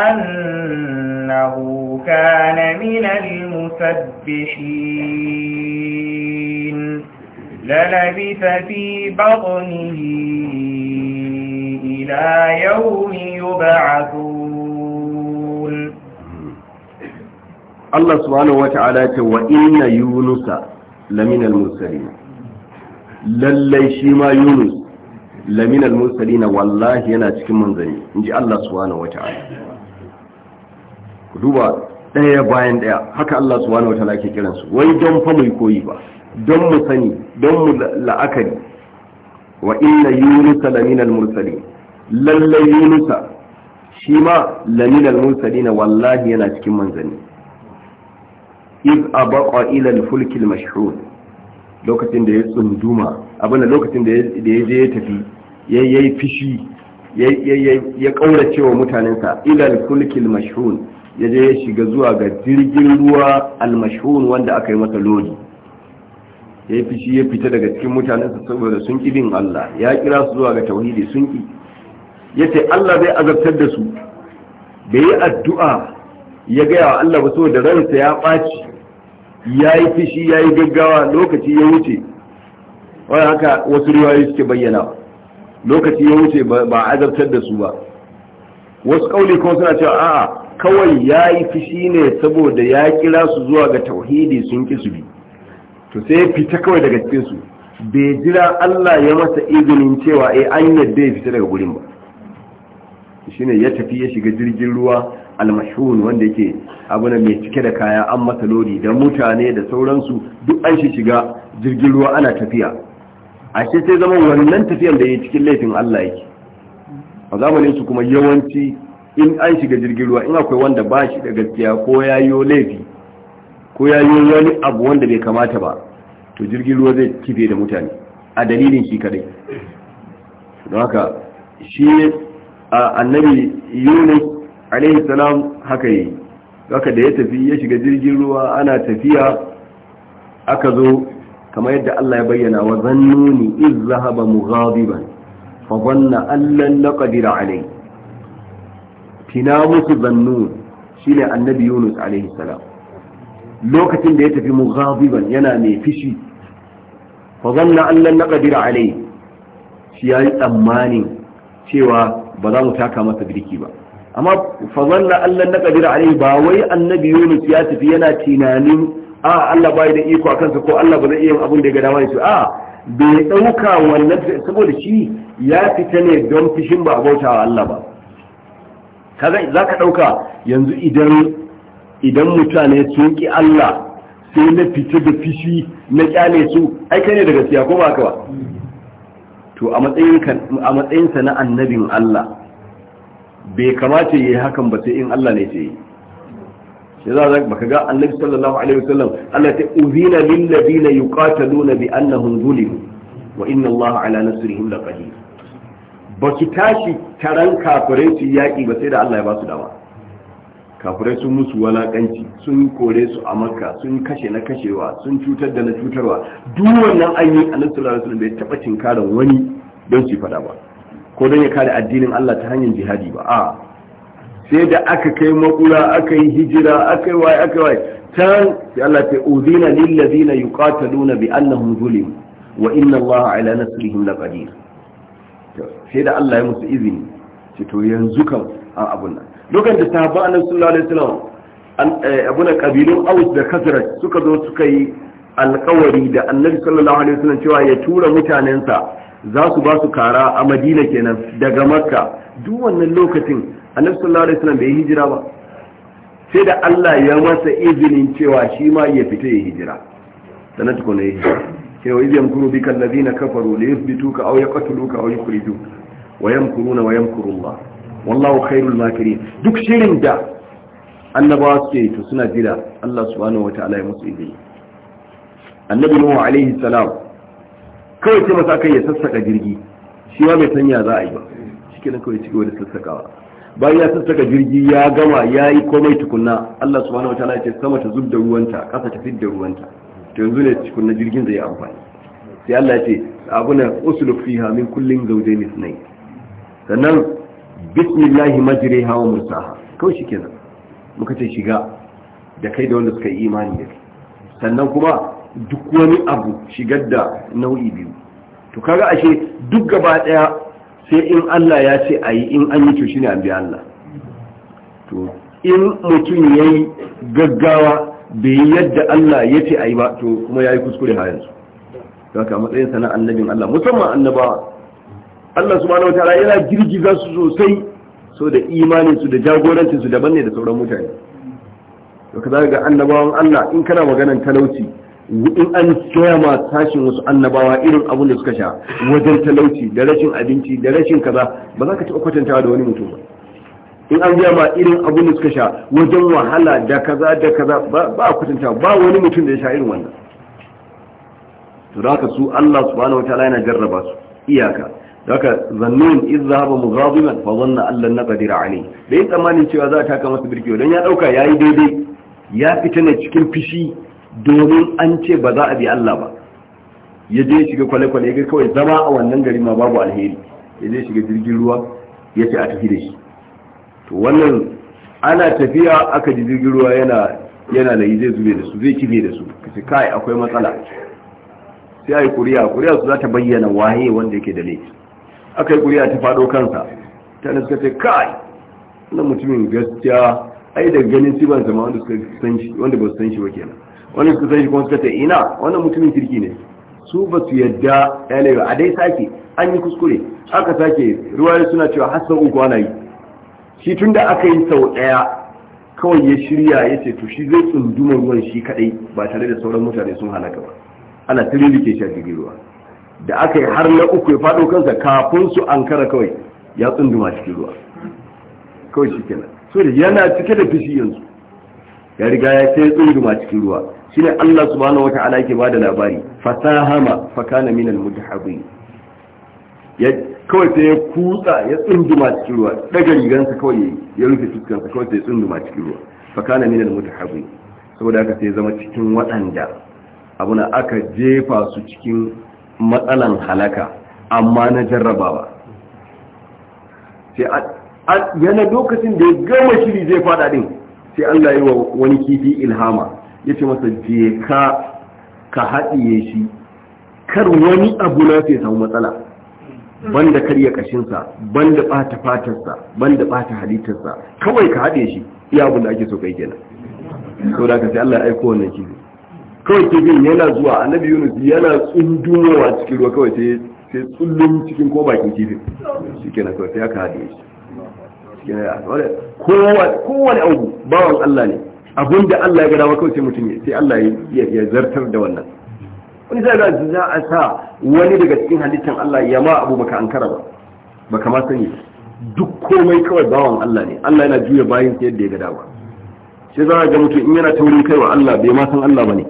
أنه كان من المسبحين للبث في بطنه إلى يوم يبعثون الله سبحانه وتعالى وإن يونس لمن المرسلين lallai shi ma yunus laminal mursalina wallahi yana cikin manzanni in ji allah subhanahu wata'ala ku duba ɗaya bayan ɗaya haka allah subhanahu wata'ala ke kiransu wai don fa mai koyi ba don mu sani don mu la'akari wa inna yunusa lamina Mursali, lallai yunusa shi ma lamina mursali na wallahi yana cikin manzanni iz abaqa ila al-fulk al-mashhur lokacin da ya tsunduma abin da lokacin da ya je ya tafi ya yi fishi ya ƙaurace wa mutanensa ilal kulkil mashhun ya je ya shiga zuwa ga jirgin ruwa al mashhur wanda aka yi masa lodi ya yi fishi ya fita daga cikin mutanensa saboda sun ƙi bin Allah ya kira su zuwa ga tauhidi sun ƙi ya Allah zai azabtar da su da yi addu'a ya gaya wa Allah ba saboda ransa ya ɓaci ya yi fishi ya yi gaggawa lokaci ya wuce wani haka wasu riwayoyi suke bayyana lokaci ya wuce ba azabtar da su ba wasu ƙaule kuma suna cewa a'a kawai ya yi fishi ne saboda ya kira su zuwa ga tauhidi sun ƙi su bi to sai ya fita kawai daga cikin su bai jira Allah ya masa izinin cewa eh an yadda ya fita daga gurin ba ne ya tafi ya shiga jirgin ruwa almashun wanda yake abu na mai cike da kaya an masa lodi da mutane da sauransu duk an shi shiga jirgin ruwa ana tafiya ashe sai zama wannan tafiyan da ya cikin laifin Allah yake a zamanin su kuma yawanci in an shiga jirgin ruwa in akwai wanda ba shi da gaskiya ko ya yi laifi ko ya yi wani abu wanda bai kamata ba to jirgin ruwa zai kife da mutane a dalilin shi kadai don haka shi annabi yunus alaihi salam haka yi haka da ya tafi ya shiga jirgin ruwa ana tafiya aka zo kamar yadda Allah ya bayyana wa zannuni iz zahaba mughadiban fa zanna allan laqadir alai tina musu zannu shine annabi yunus alaihi salam lokacin da ya tafi mughadiban yana mai fishi fa zanna an naqdir alai shi yayi tsammanin cewa ba za mu taka masa birki ba amma fa zanna an naqdir alai ba wai annabi Yunus ya tafi yana tunanin a Allah bai da iko akan sa ko Allah ba zai iya yin abin da ya ga dama ya a bai dauka wannan saboda shi ya fita ne don fishin ba a bautawa Allah ba kaga zaka dauka yanzu idan idan mutane sun ki Allah sai na fita da fishi na kyale su ai kai ne daga siya, ko ba ka ba to a matsayin a matsayin sa na annabin Allah bai kamata yayi hakan ba sai in Allah ne ce shi za ka baka ga annabi sallallahu alaihi wasallam Allah ta uzina lil ladina yuqataluna bi annahum zulimu wa inna Allah ala nasrihim laqadir ba ki tashi taran kafirai su yaki ba sai da Allah ya ba su dama kafirai sun musu walakanci sun kore su a makka sun kashe na kashewa sun cutar da na cutarwa duk wannan an yi annabi sallallahu alaihi wasallam bai taba wani don su fada ba ko don ya kare addinin Allah ta hanyar jihadi ba a sai da aka kai makula aka yi hijira aka yi waye aka yi waye tan sai Allah ta udina lil ladina yuqataluna bi annahum zulim wa inna Allah ala nasrihim laqadir sai da Allah ya musu izini to yanzu kan abun nan lokacin da sahabban annabi sallallahu alaihi wasallam eh, abuna kabilu aus da kasra suka zo suka yi alƙawari da annabi sallallahu alaihi wasallam cewa ya tura mutanensa za su ba su kara a madina kenan daga makka duk wannan lokacin annabi sallallahu alaihi wasallam bai hijira ba sai da Allah ya masa izinin cewa shi ma ya fita ya hijira sannan ko ne hijira cewa idan kuru bika allazina kafaru li yuthbituka aw yaqtuluka aw yukhrijuka wa yamkuruna wa yamkuru wallahu khairul makirin duk shirin da annabawa suke yi to suna jira Allah subhanahu ta'ala ya musu izini annabi nuhu alaihi salam kawai ce masa kai ya sassaka jirgi shi ma mai sanya za a yi ba shikenan kawai cigaba da sassakawa bayan ya sassaka jirgi ya gama ya yi komai tukunna Allah subhanahu ta'ala ya ce sama ta zub da ruwanta kasa ta fid da ruwanta to yanzu ne tukunna jirgin zai yi amfani sai Allah ya ce abuna usluk fiha min kullin zawjayn ithnayn sannan bismillahi majire hawa mursaha kawai shi kenan muka ce shiga da kai da wanda suka yi imani da kai sannan kuma duk wani abu shigar da nau'i biyu to kaga ashe duk gaba daya sai in Allah ya ce ayi in an yi to shine an bi Allah to in mutum yayi gaggawa bai yadda Allah ya ce ayi ba to kuma yayi kuskure har yanzu haka matsayin sana annabin Allah musamman annabawa Allah subhanahu wataala yana girgiza su sosai so da imaninsu su da jagorancin su daban ne da sauran mutane to kaza ga annabawan Allah in kana maganan talauci in an ma tashin wasu annabawa irin abin da suka sha wajen talauci da rashin abinci da rashin kaza ba za ka taɓa kwatantawa da wani mutum ba in an ma irin abin da suka sha wajen wahala da kaza da kaza ba a kwatantawa ba wani mutum da ya sha irin wannan to da haka su Allah subhanahu wataala yana jarraba su iyaka haka zannun in zahaba mughadiban fa allah allan naqdir ali bai tsammanin cewa za ta kama masa birki dan ya dauka yayi daidai ya fita ne cikin fishi domin an ce ba za a bi Allah ba ya je shiga kwale-kwale ga kawai zama a wannan gari ma babu alheri ya je shiga jirgin ruwa ya ce a tafi da shi to wannan ana tafiya aka ji jirgin ruwa yana yana da zai zube da su zai kife da su kace kai akwai matsala sai ai kuriya kuriya su za ta bayyana waye wanda yake da laifi aka yi kuri'a ta faɗo kansa mutane suka ce kai wannan mutumin gaskiya ai da ganin siban zama wanda suka san shi wanda ba su san shi ba kenan wanda suka san shi kuma suka ce ina wannan mutumin kirki ne su ba su yadda ɗalaiwa a dai sake an yi kuskure aka sake ruwa suna cewa har sau uku ana yi shi tun da aka yi sau ɗaya kawai ya shirya ya ce to shi zai tsunduma ruwan shi kaɗai ba tare da sauran mutane sun halaka ba ana tiririke shi a jirgin ruwa da aka yi har na uku ya faɗo kansa kafin su an kara kawai ya tsunduma cikin ruwa kawai shi kenan so da yana cike da fishi yanzu ya riga ya sai tsunduma cikin ruwa ne Allah subhanahu wa ta'ala yake bada labari fasahama fakana minal mutahabbin ya kawai sai ya kutsa ya tsunduma cikin ruwa daga rigansa kawai ya rufe fuskarsa kawai sai ya tsunduma cikin ruwa fakana minal mutahabbin saboda haka sai zama cikin waɗanda abuna aka jefa su cikin matsalan halaka amma na jarrabawa yana lokacin da ya gama shiri zai fada din sai Allah ya yi wa wani kifi ilhama ya ce masa je ka ka haɗiye shi kar wani abu na sai samu matsala banda karya kashinsa banda ɓata fatarsa banda ɓata halittarsa kawai ka haɗe shi iya abin da ake so kai kenan saboda ka sai Allah ya aiko wannan kifi kawai bin yana zuwa annabi yunus yana tsundumowa cikin ruwa kawai sai sai tsullum cikin ko bakin kifin shi kenan kawai sai aka haɗe shi kowane abu bawan allah ne abun da allah ya gada kawai sai mutum sai allah ya zartar da wannan wani zai ga za a sa wani daga cikin halittar allah ya ma abu baka ankara ba baka ma sani duk komai kawai bawan allah ne allah yana juya bayan yadda ya gada ba sai za a ga mutum in yana taurin kaiwa allah bai ma san allah ba ne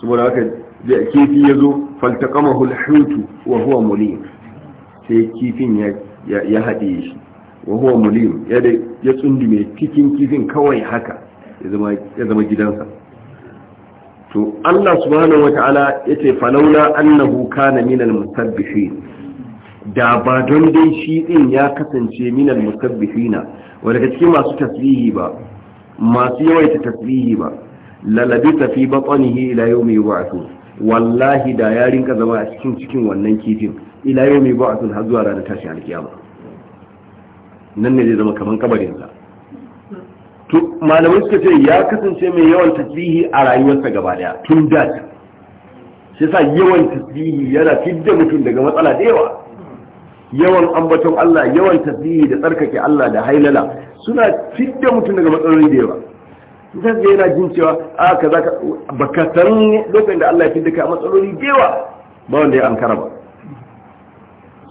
saboda haka da kifi ya zo faltaqamahu al wa huwa mulim sai kifin ya haɗe shi wa huwa mulim ya tsundume cikin kifin kawai haka ya zama gidansa to Allah subhanahu wata'ala ce, falaula annahu kana minal musabbihin da ba don dai shi din ya kasance minal musabbihina wa daga cikin masu tasbihi ba masu yawaita tasbihi ba lalabita fi batnihi ila yi yub'athun wallahi da ya rinka zama a cikin cikin wannan kifin ila yawmi yub'athun har zuwa ranar tashin alkiyama nan ne zai zama kamar kabarin sa malamai suka ce ya kasance mai yawan tasbihi a rayuwarsa gaba daya tun da shi sa yawan tasbihi yana fidda mutum daga matsala da yawa yawan ambaton Allah yawan tasbihi da tsarkake Allah da hailala suna fidda mutum daga matsaloli da yawa zai yana jin cewa a ka za ka baka san lokacin da Allah ya fi duka matsaloli dewa ba wanda ya ankara ba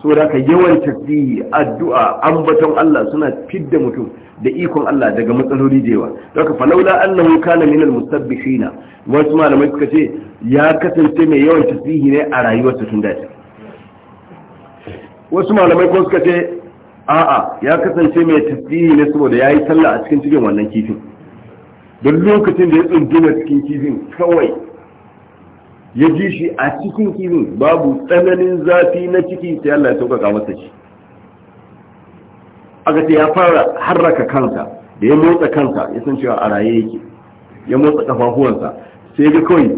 so da ka yawan tafi addu'a ambaton Allah suna fidda mutum da ikon Allah daga matsaloli da yawa don ka falaula annahu kana min almusabbihina wasu malamai suka ce ya kasance mai yawan tasbihi ne a rayuwarsa tun da wasu malamai kuma suka ce a'a ya kasance mai tasbihi ne saboda yayi sallah a cikin cikin wannan kifin don lokacin da ya tsunduma cikin kifin kawai ya ji shi a cikin kifin babu tsananin zafi na ciki ta Allah ya sauƙaƙa masa shi aka ce ya fara harraka kansa da ya motsa kansa ya san cewa a raye yake ya motsa kafafuwansa sai ga kawai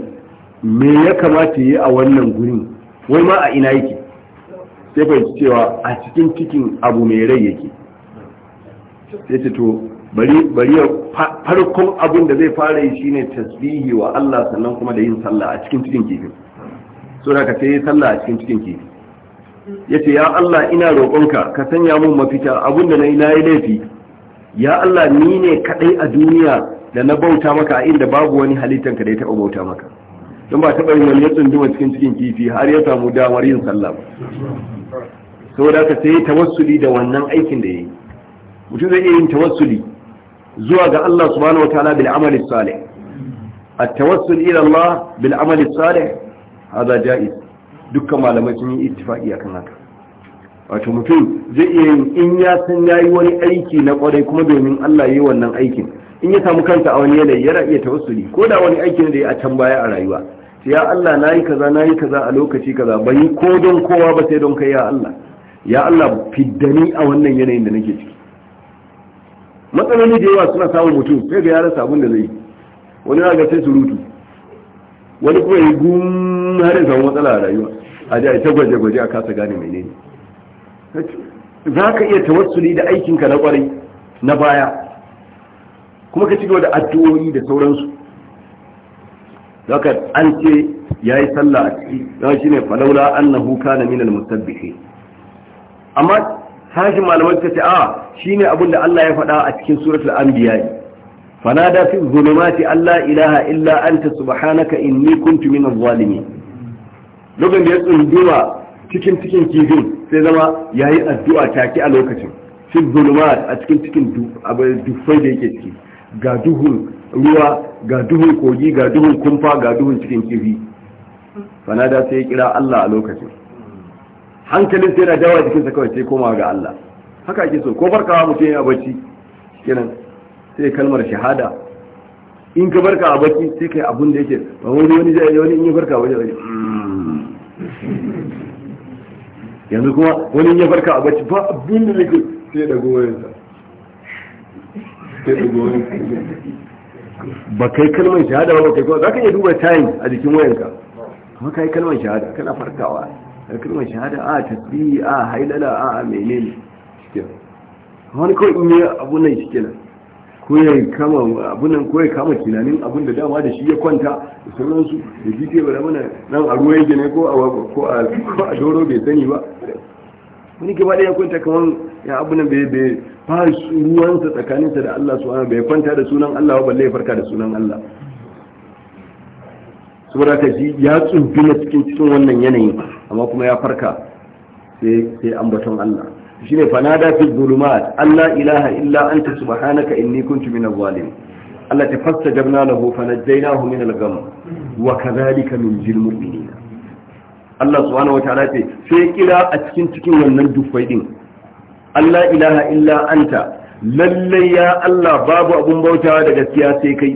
me ya kamata yi a wannan gurin wai ma a ina yake sai fahimci cewa a cikin cikin abu mai rai yake sai ce to bari ya farkon abin da zai fara yi shine tasbihi wa Allah sannan kuma da yin sallah a cikin cikin kifi so da ka sai sallah a cikin cikin kifi yace ya Allah ina roƙonka ka sanya mun mafita abin da nayi nayi laifi ya Allah ni ne kadai a duniya da na bauta maka a inda babu wani halittan ka da ya taba bauta maka don ba taba yin wani tsunduma cikin cikin kifi har ya samu damar yin sallah ba da ka sai tawassuli da wannan aikin da yayi mutum zai iya yin tawassuli zuwa ga Allah subhanahu wataala bil amali salih at-tawassul ila Allah bil amali salih hada jaiz dukkan malamai sun yi ittifaqi akan haka wato mutum zai iya yin in ya san yayi wani aiki na kwarai kuma domin Allah yayi wannan aikin in ya samu kanta a wani yanayi yana iya tawassuli ko da wani aikin da ya a can baya a rayuwa ya Allah nayi kaza nayi kaza a lokaci kaza bai ko don kowa ba sai don kai ya Allah ya Allah fiddani a wannan yanayin da nake ciki matsaloli da yawa suna samun mutum sai ga ya rasa da zai wani ya ga sai surutu wani kuma ya gum har ya samu matsala a rayuwa a ji a ta gwaje-gwaje a kasa gane mai ne. za ka iya tawassuli da aikinka na kwarai na baya kuma ka cigaba da addu'o'i da sauransu ka an ce ya yi sallah a ciki shi shine falaula annahu kana minal musabbihin amma sashin malamai suka ce a shine abin da Allah ya faɗa a cikin suratul anbiya fanada fi zulumati Allah ilaha illa anta subhanaka inni kuntu minaz zalimin lokacin da ya tsunduma cikin cikin kifin sai zama yi addu'a take a lokacin fi zulumat a cikin cikin dufai da yake ciki ga duhun ruwa ga duhun kogi ga duhun kumfa ga duhun cikin kifi fanada sai ya kira Allah a lokacin hankalin sai yana dawa jikinsa kawai sai komawa ga Allah haka ake so ko barkawa mutum ya bacci kenan sai kalmar shahada in ka barka a bacci sai kai abun da yake wani wani zai wani in ya barka waje waje yanzu kuma wani in ya barka a bacci ba abin da yake sai da goyensa sai da goyensa ba kai kalmar shahada ba kai kuma za ka iya duba tayin a jikin wayanka amma kai kalmar shahada kana farkawa a kalmar shahada a tasbihi a hailala a a ne. shikenan wani kawai in yi abun nan shikenan ko ya kama nan ko kama tunanin abun da dama da shi ya kwanta da sauransu da jike ba mana nan a ruwa yake ne ko a ko a doro bai sani ba wani gaba da ya kwanta kamar ya abu nan bai bai fara ruwansa tsakaninsa da Allah subhanahu bai kwanta da sunan Allah ba balle ya farka da sunan Allah saboda ka ji ya na cikin cikin wannan yanayin amma kuma ya farka sai ambaton Allah shi ne fanada fi zulumat Allah ilaha illa anta subhanaka inni kuntu minaz zalim Allah ta jabna lahu fanajjaynahu min al-gham wa kadhalika min jil mu'minin Allah subhanahu wataala ce sai kira a cikin cikin wannan dufai din Allah ilaha illa anta lalle ya Allah babu abun bautawa da gaskiya sai kai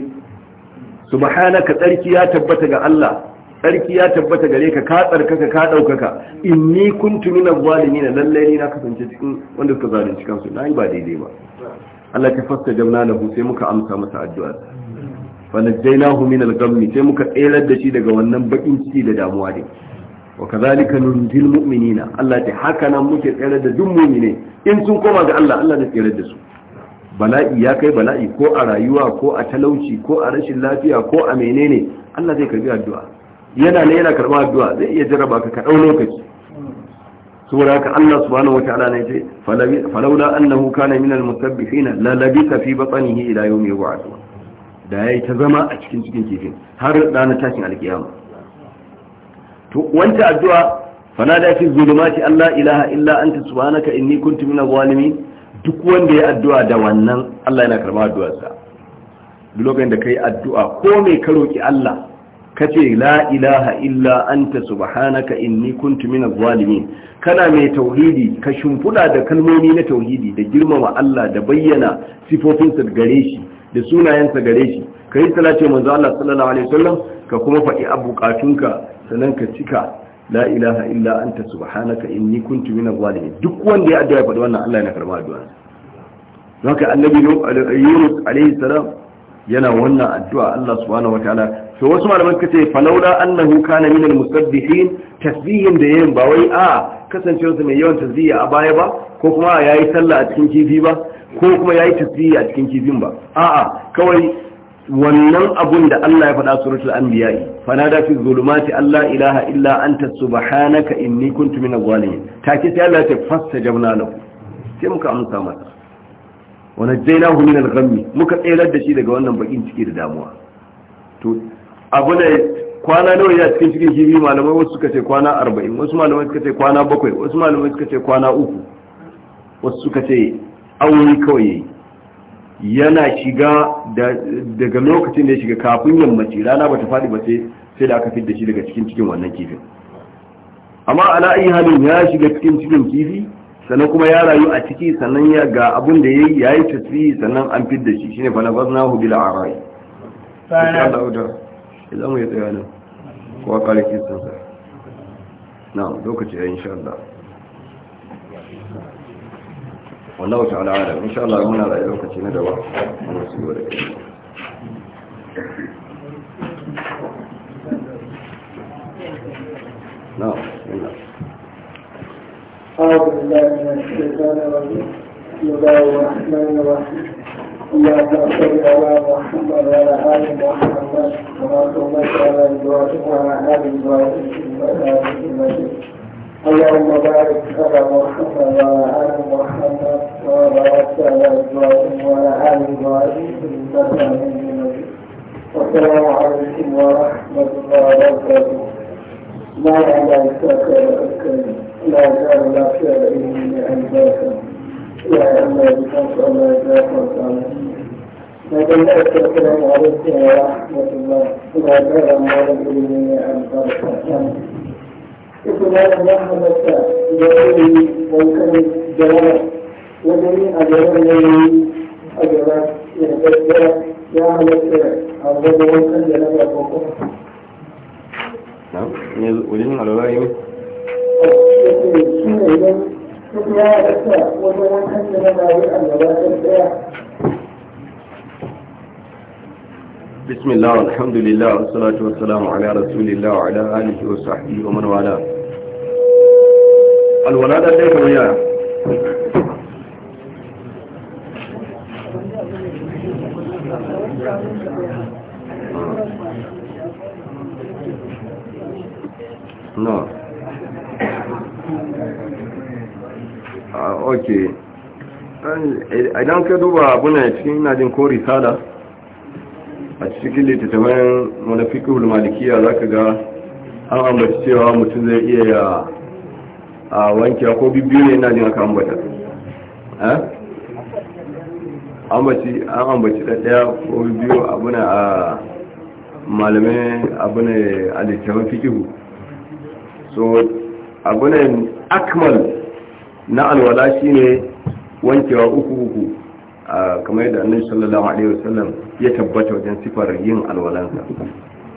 subhanaka tsarki ya tabbata ga Allah tsarki ya tabbata gare ka ka tsarkaka ka daukaka inni kuntu min az-zalimin lalle ni na kasance cikin wanda suka zalunci kansu na yi ba daidai ba Allah ta fasta jamna da sai muka amsa masa addu'a fa najaynahu min al-ghammi sai muka tsayar da shi daga wannan bakin ciki da damuwa din wa kadhalika nunjil mu'minina Allah ta haka nan muke tsayar da duk mu'mine in sun koma ga Allah Allah zai tsayar da su bala'i ya kai bala'i ko a rayuwa ko a talauci ko a rashin lafiya ko a menene Allah zai karbi addu'a yana ne yana karɓar addu'a zai iya jarraba ka kaɗau ɗau lokaci saboda haka Allah subhanahu ta'ala ne ce falawla annahu kana minal musabbihina la labisa fi batnihi ila yawmi yub'ath da yayi ta zama a cikin cikin kifin har dana tashin alkiyama to wanda addu'a fanada fi zulumati Allah ilaha illa anta subhanaka inni kuntu minaz zalimin duk wanda ya addu'a da wannan Allah yana karba addu'arsa duk lokacin da kai addu'a ko mai ka roki Allah kace la ilaha illa anta subhanaka inni kuntu minaz zalimin kana mai tauhidi ka shimfuda da kalmomi na tauhidi da girmama Allah da bayyana sifofinsa gare shi da sunayensa gare shi ka yi salati manzo Allah sallallahu alaihi wasallam ka kuma faɗi abukatunka sannan ka cika la ilaha illa anta subhanaka inni kuntu minaz zalimin duk wanda ya addu'a faɗi wannan Allah yana karba addu'a haka annabi Yunus alaihi salam yana wannan addu'a Allah subhanahu wataala to wasu malaman suka ce falaula annahu kana minal musabbihin tasbihin da yayin ba wai a kasancewa mai yawan tasbihi a baya ba ko kuma yayi sallah a cikin kifi ba ko kuma yayi tasbihi a cikin kifin ba a'a kawai wannan abun da Allah ya faɗa suratul anbiya fanada fi zulumati Allah ilaha illa anta subhanaka inni kuntu minaz zalimin take sai Allah ya ce fastajabna lahu sai muka amsa masa wa najjaynahu minal ghammi muka tsayar da shi daga wannan bakin ciki da damuwa to abu da kwana nawa ya cikin cikin kifi malamai wasu suka ce kwana arba'in wasu malamai suka ce kwana bakwai wasu malamai suka ce kwana uku wasu suka ce aure kawai yana shiga daga lokacin da ya shiga kafin yammaci rana bata faɗi ba sai da aka fidda shi daga cikin cikin wannan kifin amma ala ayi halin ya shiga cikin cikin kifi sannan kuma ya rayu a ciki sannan ya ga abun da yayi yayi tasiri sannan an fidda shi shine fa nafasnahu bil ara'i za mu yi ne nan kowa ƙarfi sun sa na lokaci ya insha Allah wannan wata al'ada insha Allah muna da lokaci na daba wani su yi wadatai na yana أعوذ بالله من الشيطان الرجيم بسم الله الرحمن الرحيم اللهم صل على محمد وعلى ال محمد كما صليت على ابراهيم وعلى ال ابراهيم انك حميد مجيد اللهم بارك على محمد وعلى ال محمد كما باركت على ابراهيم وعلى ال ابراهيم انك حميد مجيد والسلام عليكم ورحمه الله وبركاته ما على الكريم لا زال لا خير الا انت يا الله بكم الله يجزاكم لكن السلام عليكم ورحمة الله وبركاته ورحمة الله وبركاته اسم رحمة جلالي وكان جلاله وجميع جلاله أجلال يهدد يا أهل السلام أرضه وكان جلاله أبوكم نعم ولين على رأيه بسم الله والحمد لله والصلاة والسلام على رسول الله وعلى آله وصحبه ومن والاه الولادة ليس ويا نعم Ah, ok eh, idan ka duba abuna cikin ina jin ko risala a cikin littattafan manafikul hulmalikiya za ka ga an ambaci cewa mutum zai iya ya a wanke ko biyu ne ina jin aka ambata eh? an ambaci ɗaya ko biyu abuna a malamai abuna a littattafan fikihu so abuna akmal na alwala ne wankewa uku uku kamar yadda annabi sallallahu alaihi wasallam ya tabbata wajen sifar yin alwalansa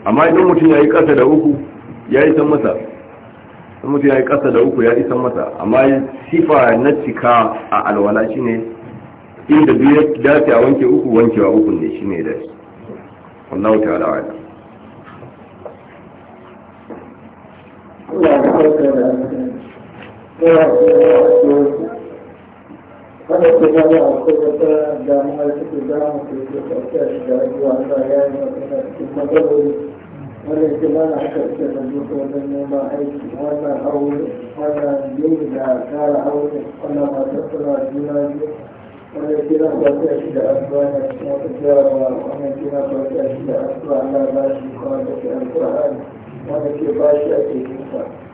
amma idan mutum yayi kasa da uku ya isan masa idan mutum yayi kasa da uku ya isan masa amma sifa na cika a alwala ne inda biyu ya dace a wanke uku wankewa uku ne ne da shi wallahu ta'ala a'lam Allah Kada ku zama a kuma ta damuwa da suke damu ke ke ɗauke da shiga zuwa Allah ya yi magana cikin magalori wannan ke mana haka suke da zuwa wajen neman aiki wannan aure wannan yin da kara aure wannan masu suna juna biyu wannan ke nan ɗauke da shiga asuwa na cikin wata jarawa wannan ke nan ɗauke da shiga asuwa Allah ba shi kawai da ke alƙur'ani wannan ke ba shi ake kusa.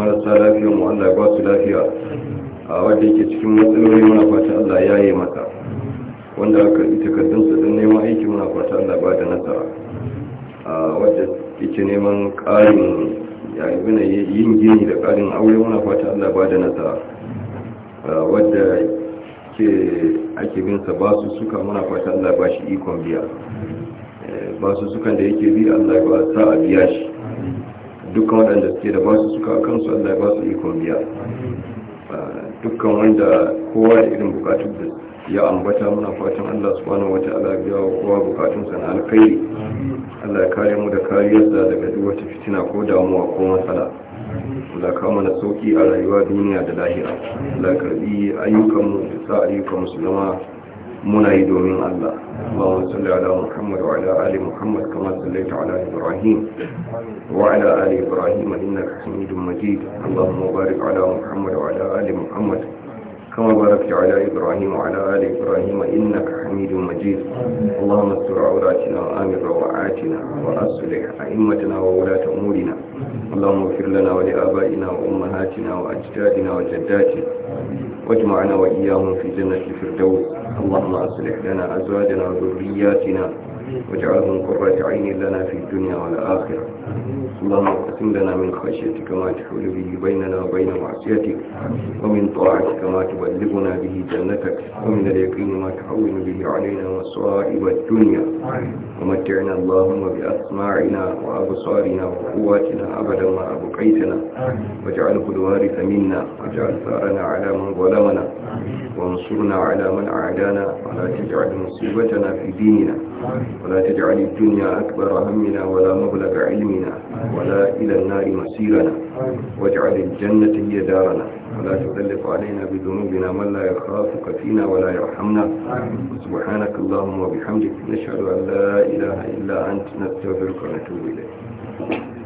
marasa lafiyan mu Allah ya ba su lafiya a wanda yake cikin matsaloli muna fata Allah ya yi mata wanda aka karbi takardun su don neman aiki muna fata Allah ba da nasara a wanda yake neman ƙarin yayin yin gini da ƙarin aure muna fata Allah ba da nasara a wadda ke ake sa ba su suka muna fata Allah ba shi ikon biya eh, ba su sukan da yake bi Allah ba sa a biya shi dukkan waɗanda suke da ba su suka a kansu allah ya ba su ikon biya ah, dukkan wanda kowa da irin bukatun da ya ambata muna fatan allah subhanahu wata'ala biya wa kowa bukatun sana alkhairi allah ya kare mu da kariyarsa daga duk wata fitina ko damuwa ko matsala Allah kama na sauki a rayuwa duniya da lahira Allah karbi mu da sa ayyukan musulma muna yi domin Allah Allahumma salli ala Muhammad wa ala ali Muhammad kama sallaita ala Ibrahim wa ala ali Ibrahim innaka Hamidum Majid Allahumma barik ala Muhammad wa ala ali Muhammad kama barakta ala Ibrahim wa ala ali Ibrahim innaka Hamidum Majid Allahumma astur auratina wa amir rawatina wa aslih a'immatina wa wulata umurina Allahumma ighfir lana wa li abaina wa ummahatina wa ajdadina wa jaddatina واجمعنا وإياهم في جنة الفردوس اللهم أصلح لنا أزواجنا وذرياتنا واجعلهم قرة عين لنا في الدنيا والآخرة اللهم اقسم لنا من خشيتك ما تحول به بيننا وبين معصيتك ومن طاعتك ما تبلغنا به جنتك ومن اليقين ما تحول به علينا مصائب الدنيا ومتعنا اللهم بأسماعنا وأبصارنا وقواتنا أبدا ما أبقيتنا واجعله الوارث منا واجعل ثارنا على من ظلمنا وانصرنا على من أعدانا ولا تجعل مصيبتنا في ديننا ولا تجعل الدنيا أكبر همنا ولا مبلغ علمنا ولا إلى النار مصيرنا واجعل الجنة هي دارنا ولا تكلف علينا بذنوبنا من لا يخافك فينا ولا يرحمنا سبحانك اللهم وبحمدك نشهد أن لا إله إلا أنت نستغفرك ونتوب إليك